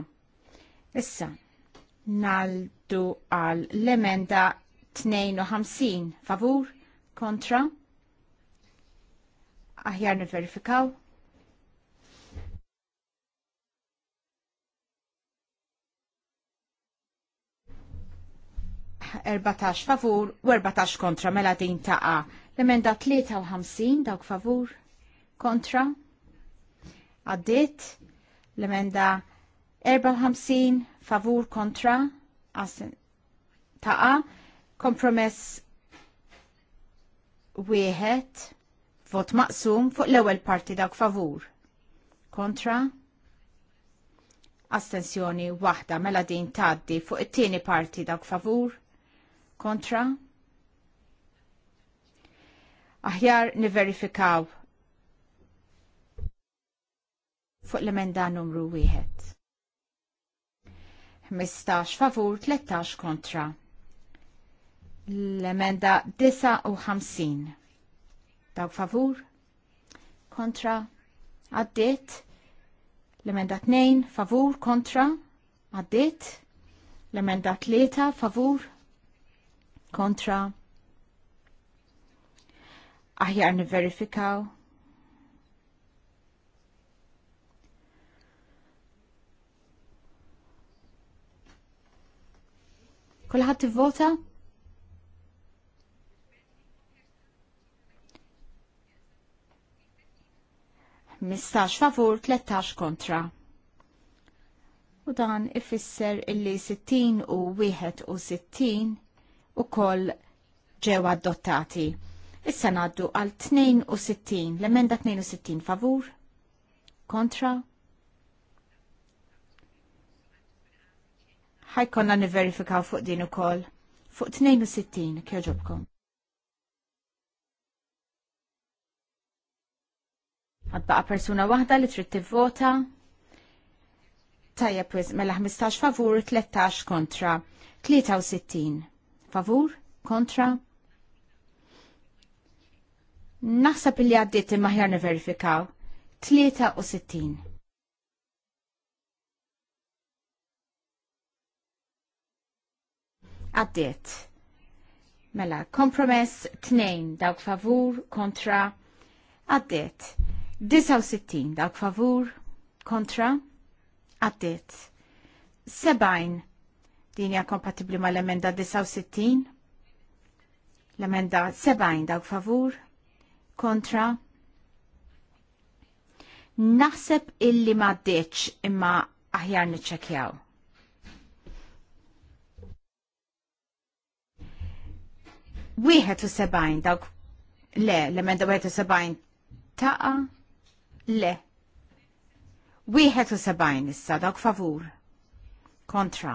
Issa, naldu għal l-emenda 52 favur kontra aħjar niverifikaw. Erbatax favur u erbatax kontra mela din taqa. L-emenda 53 dawk favur kontra. Għaddit l-emenda 54 favur kontra taqa. Kompromess wieħed Vot maqsum fuq l-ewwel parti dawk favur. Kontra? Astensjoni waħda mela din taddi fuq it-tieni parti dawk favur. Kontra? Aħjar niverifikaw fuq l-emenda numru wieħed. 15 favur, 13 kontra. L-emenda 59. Dawk favur kontra għaddit, L-emenda 2 favur kontra għaddit, L-emenda 3 favur kontra aħjar niverifikaw. Kulħadd ivvota? vota 15 favur 13 kontra. U dan ifisser illi 60 u 61 u koll ġew adottati. Issa naddu għal 62, l-emenda 62 favur, kontra, ħajkonna niverifikaw fuq din ukoll. Fuq 62 kjoġobkom. Għadbaqa persuna waħda li trid tivvota. Tajja pwiz mela 15 favur, 13 kontra, 63 favur, kontra. Naħseb li għaddiet imma ħjar verifikaw 63. Għaddiet. Mela, kompromess 2 dawk favur kontra għaddiet. 69 dawk favur kontra għaddit. 70 din hija kompatibbli mal-emenda 69. L-emenda 70 dawk favur kontra Naħseb illi ma ddeċ imma aħjar niċċekjaw. Wieħed u sebajn dawk le l-emenda wieħed u sebajn taqa' Le. Wieħed u sebajn issa dak favur. Kontra.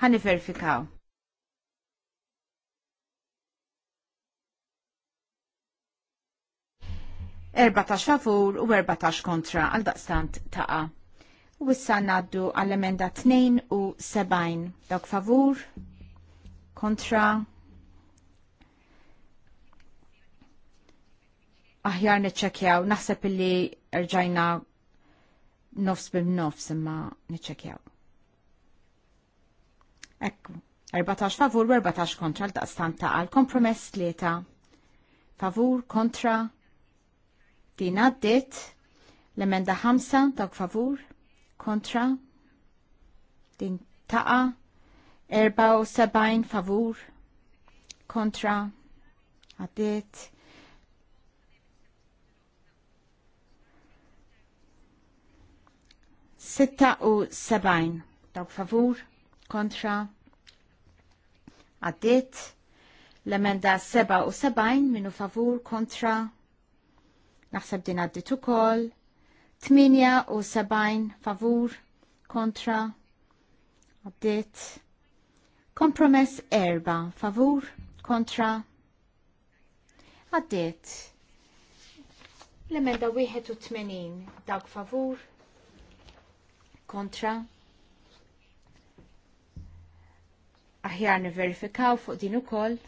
Ħani verifikaw. Erbatax favur u erbatax kontra għal daqstant taqa. U issa naddu għall-emenda tnejn u 70 Dak favur kontra aħjar niċċekjaw, naħseb illi rġajna nofs bil nofs imma niċċekjaw. Ekku, 14 favur u 14 kontra l-daqstan ta' għal-kompromess tlieta. Favur kontra din għaddit l-emenda 5 dak favur kontra din taqa 74 favur kontra għaddit 76 dawk favur kontra għaddit l-emenda 77 minu favur kontra naħseb din għaddit ukoll 78 favur kontra għaddit kompromess erba favur kontra għaddit l-emenda 81 dawk favur kontra aħjar niverifikaw fuq din ukoll.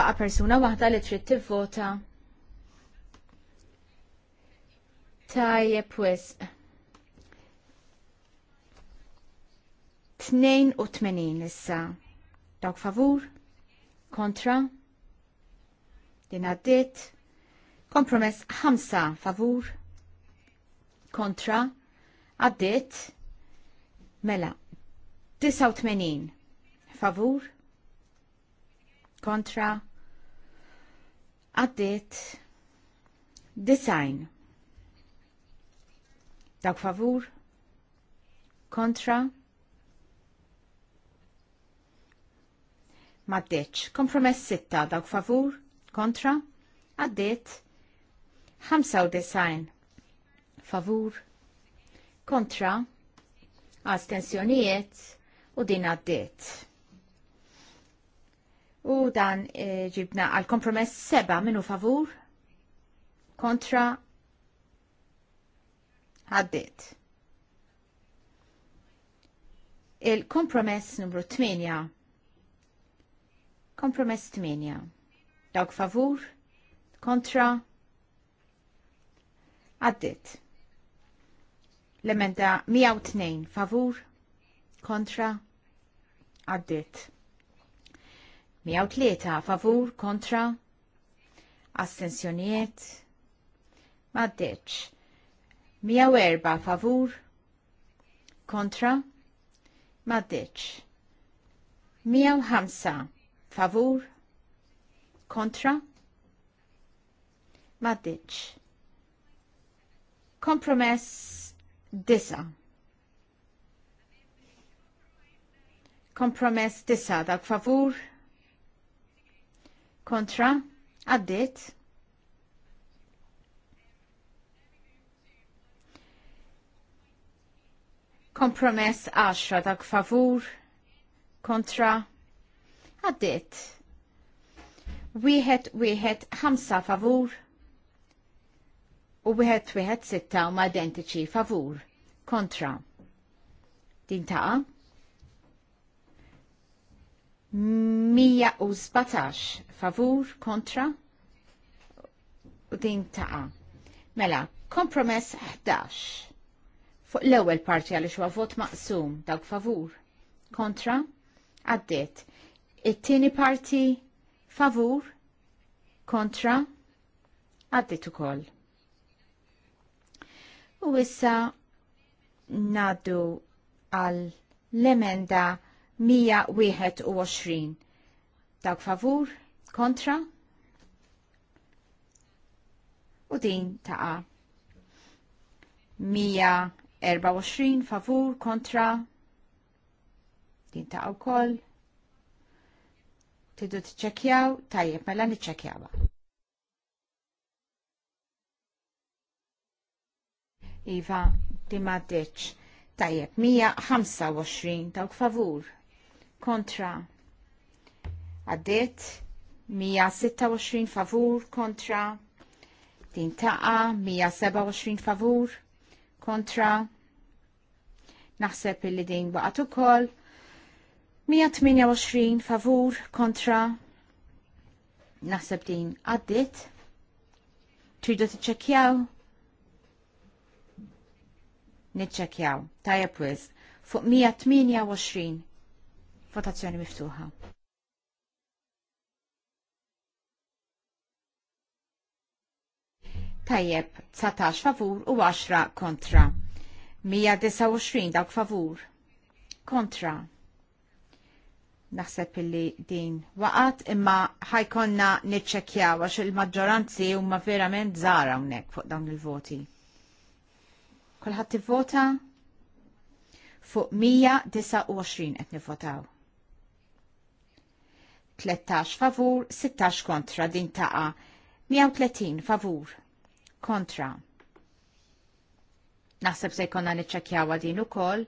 Baqa persuna waħda li trid tivvota. Tajjeb wisq. 82 issa. Dawk favur? Kontra? li naddit Kompromess 5 favur kontra għaddit mela 89 favur kontra għaddit design dak favur kontra maddeċ kompromess sitta dak favur kontra għaddiet 95 favur kontra astensjonijiet u din għaddiet. U dan e, ġibna għal kompromess seba minu favur kontra għaddiet. Il-kompromess numru 8. Kompromess 8. Dawk favur? Kontra? Għaddit. L-emenda 102 favur? Kontra? Għaddit. 103 favur? Kontra? astensjoniet, Maddeċ. 104 favur? Kontra? Maddeċ. 105 favur? kontra, kontra maddiċ. Kompromess disa. Kompromess disa dal favur kontra addit. Kompromess 10 dal favur kontra addit. Wieħed wieħed ħamsa favur u wieħed wieħed sitta huma identiċi favur kontra. Din u 117 favur kontra u din ta'. Mela, kompromess 11 fuq l-ewwel parti għaliex huwa vot maqsum dawk favur kontra għaddiet. It-tieni parti favur, kontra, għaddit ukoll. U issa naddu għal l-emenda 121. Dawk favur, kontra, u din taqa 124 favur kontra din taqa u koll tiddu t-ċekjaw? Tajjeb, mela niċċekjawa. Iva, di maddeċ. Tajjeb, 125 dawk favur. Kontra. Għaddit, 126 favur kontra. Din taqa, 127 favur kontra. Naħseb illi din baqatu ukoll 128 favur kontra naħseb din għaddit. Tridu t-ċekjaw? Niċċekjaw. Tajja pwiz. Fuq 128. Votazzjoni miftuħa. Tajjeb, 19 favur u 10 kontra. 129 dawk favur. Kontra. Naħseb illi din waqat imma ħajkonna niċċekjaw għax il-maġġoranzi huma verament żara hawnhekk fuq dawn il-voti. Kulħadd tivvota fuq 129 qed nivvotaw. 13 favur, 16 kontra din taqa, 130 favur, kontra. Naħseb se jkonna niċċekkjawa din ukoll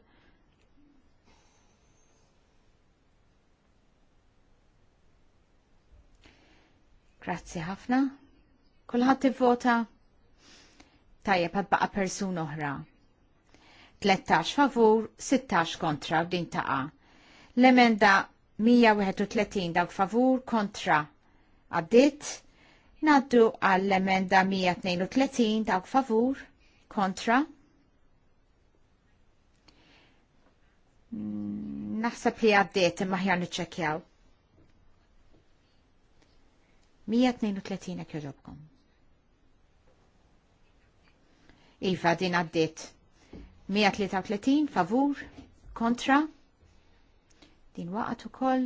Grazzi ħafna. Kulħadd ivvota? Tajjeb għad baqa' persun oħra. 13 favur, 16 kontra u din taqa. L-emenda 131 dawk favur kontra għaddit. Naddu għall-emenda 132 dawk favur kontra. Naħseb li għaddiet imma ħjar niċċekjaw. 132 kjoġobkom. Iva, din għaddit. 133 favur, kontra, din waqat u koll.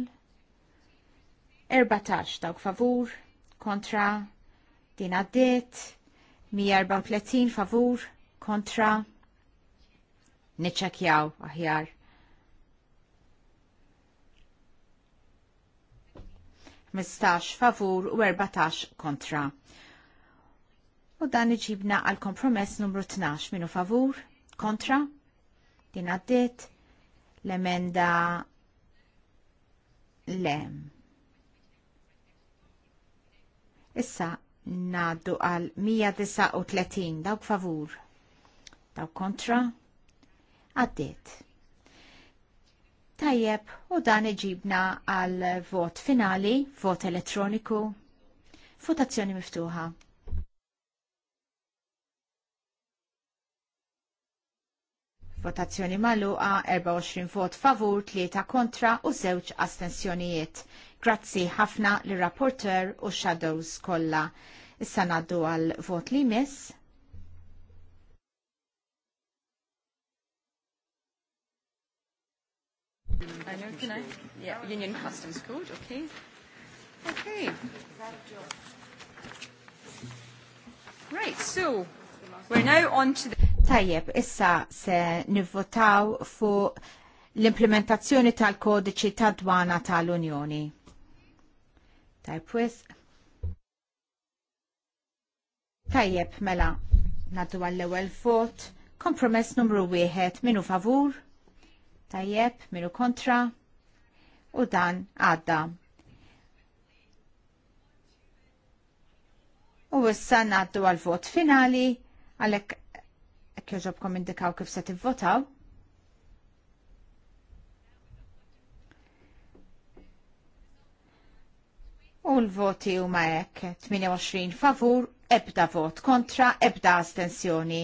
14 dawk favur, kontra, din għaddit. 134 favur, kontra, nitċakjaw aħjar. 15 favur u 14 kontra. U dan iġibna għal kompromess numru 12 minu favur, kontra, din għaddit, l-emenda lem. Issa naddu għal 139 dawk favur, dawk kontra, għaddit. Tajjeb, u dan iġibna għal vot finali, vot elettroniku, votazzjoni miftuħa. Votazzjoni maluqa 24 vot favur, 3 kontra u 0 astensjonijiet. Grazzi ħafna l rapporteur u shadows kollha. Issa naddu għal vot li mis. I know, can I? Yeah, Union Customs Code, okay. Okay. Right, so we're now on to the... Tajjeb, issa se nivvotaw fu l-implementazzjoni tal-kodiċi tad-dwana tal-Unjoni. Tajb, wis. Tajjeb, mela, naddu għall-ewel vot, kompromess numru wieħed, minu favur? tajjeb, minu kontra u dan għadda. U issa naddu għal vot finali għalek kjoġobkom indikaw kif se tivvotaw. U l-voti huma hekk 28 favur, ebda vot kontra, ebda astensjoni.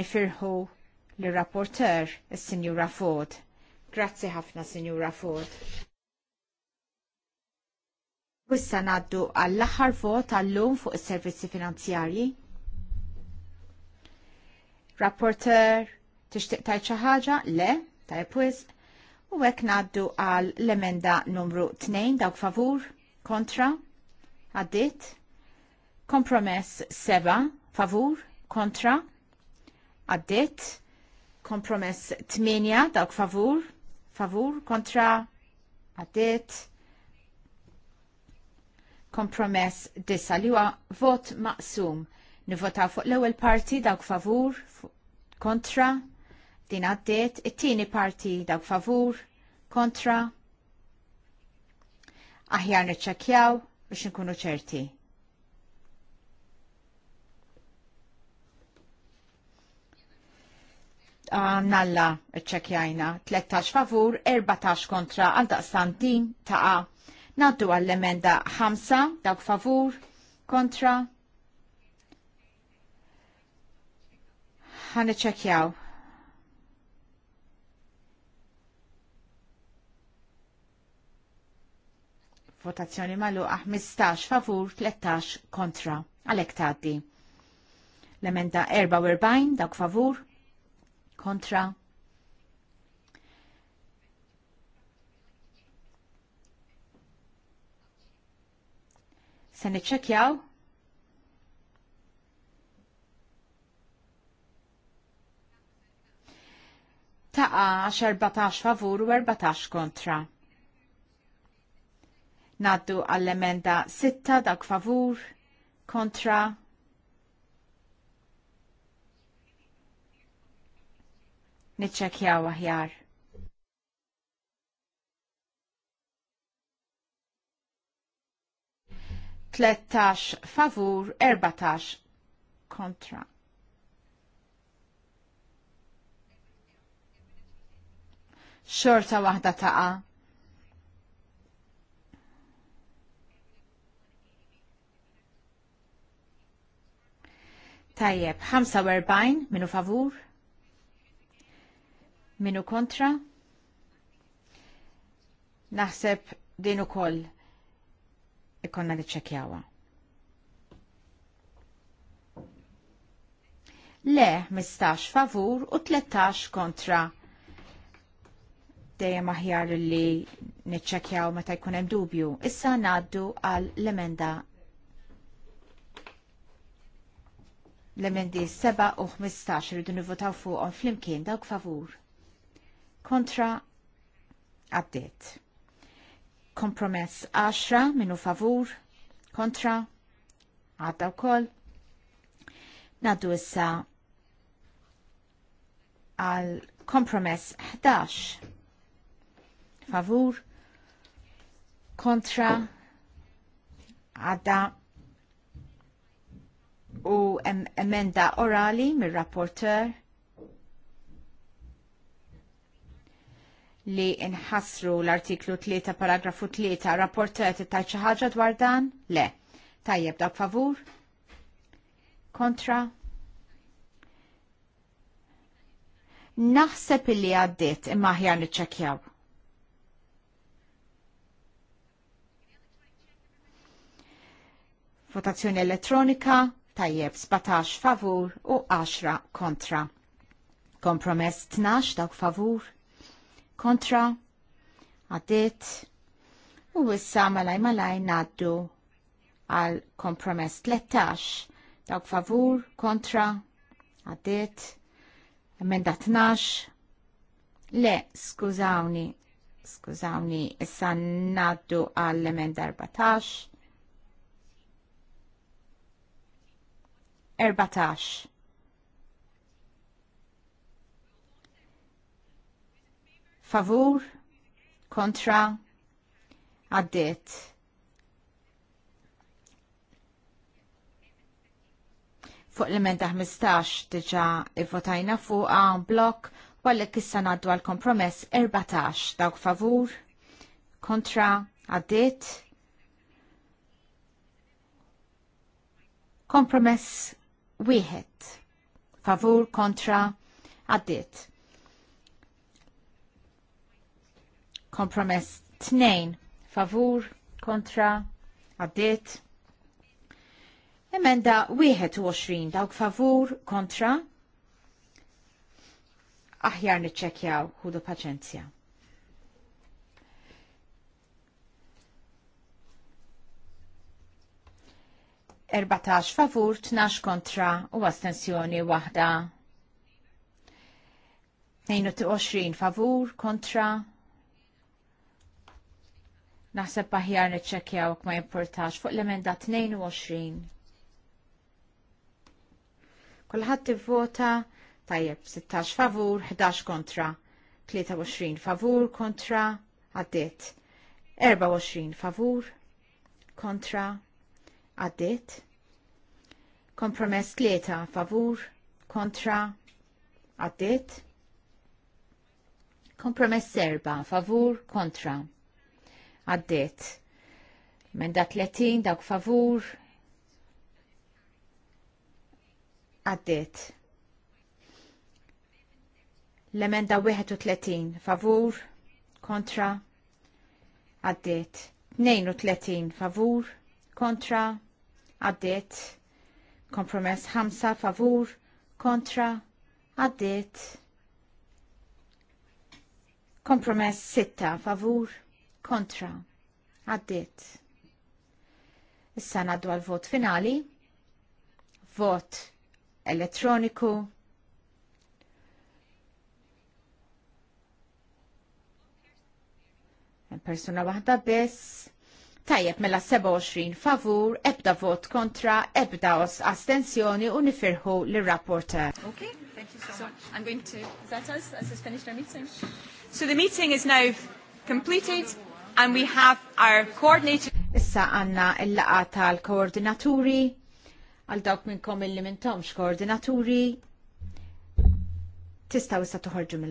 Nifirħu l-rapporter, il-Sinjura Ford. Grazzi ħafna, Sinjura Ford. Wissa naddu għall-aħħar vot għall-lum fuq is-servizzi finanzjarji. Rapporter, tixtieq tajt xi Le, tajb wisq. U hekk naddu għall emenda numru 2 dawk favur, kontra, għaddit. Kompromess 7, favur, kontra, għaddit kompromess 8 dawk favur, favur kontra għaddit kompromess disa li huwa vot maqsum. Nivvotaw fuq l-ewwel parti dawk favur, kontra, din għaddiet, it-tieni parti dawk favur, kontra. Aħjar niċċekkjaw biex nkunu ċerti. nalla ċekjajna 13 favur, 14 kontra għal din ta' Naddu għall-emenda 5 dawk favur kontra ċekjaw. Votazzjoni magħluqa 15 favur, 13 kontra. Għalhekk tgħaddi. L-emenda 44 dawk favur kontra se niċċekjaw taqa 14 favur u 14 kontra. Naddu għall-emenda 6 dak favur kontra niċċekjaw aħjar. Tlettax favur, erbatax kontra. Xorta waħda taqa. Tajjeb, 45 minu favur, Minu kontra? Naħseb din ukoll ikonna niċċekjawa. Le 15 favur u 13 kontra dejjem aħjar li niċċekjaw meta jkun hemm dubju. Issa ngħaddu għal l-emenda l-emendi 7 u 15 irridu nivvotaw fuqhom flimkien dawk favur kontra għaddiet. Kompromess 10 minu favur kontra għadda wkoll. Naddu issa għal kompromess 11 favur kontra għadda u emenda orali mir-rapporter li inħassru l-artiklu 3 paragrafu 3 rapportet ta' ċaħġa ħaġa dwar dan? Le. Tajjeb dak favur? Kontra? Naħseb illi għaddiet imma aħjar niċċekkjaw. Votazzjoni elettronika, tajjeb 17 favur u 10 kontra. Kompromess 12 dawk favur kontra, għaddit, u issa malaj malaj naddu għal kompromess 13, dawk favur, kontra, għaddit, emenda 12, le, skużawni, skużawni, issa naddu għal emenda 14, 14, favur, kontra, għaddiet. Fuq l-emenda 15 diġa votajna fuq għan blok, għalli issa naddu għal kompromess 14 dawk favur, kontra, għaddiet. Kompromess wieħed favur kontra għaddiet. Kompromess tnejn. favur kontra għaddit. Emenda 21 dawk favur kontra aħjar niċċekjaw ħudu paċenzja. Erbatax favur, tnax kontra u astensjoni waħda. 22 favur kontra Naħseb aħjar niċċekkjawk ma jimportax fuq l-emenda 22. Kulħadd ivvota tajjeb 16 favur, 11 kontra, 23 favur kontra, għaddit, 24 favur kontra, għaddit, Kompromess 3 favur kontra, għaddit, Kompromess 4 favur kontra, għaddiet. da 30 dawk favur għaddiet. L-emenda 31 favur kontra għaddiet. 32 favur kontra għaddiet. Kompromess 5 favur kontra għaddiet. Kompromess 6 favur kontra għaddiet. Issa naddu għal vot finali, vot elettroniku, persuna waħda biss, tajjeb mela 27 favur, ebda vot kontra, ebda os astensjoni u nifirħu l rapporta Okay, thank you so, much. I'm going to, is that us? Has this finished our meeting? So the meeting is now completed and we have our coordinator. Issa għanna il-laqa tal-koordinaturi, għal dawk kom il-li minntomx koordinaturi, tistaw issa toħorġu mill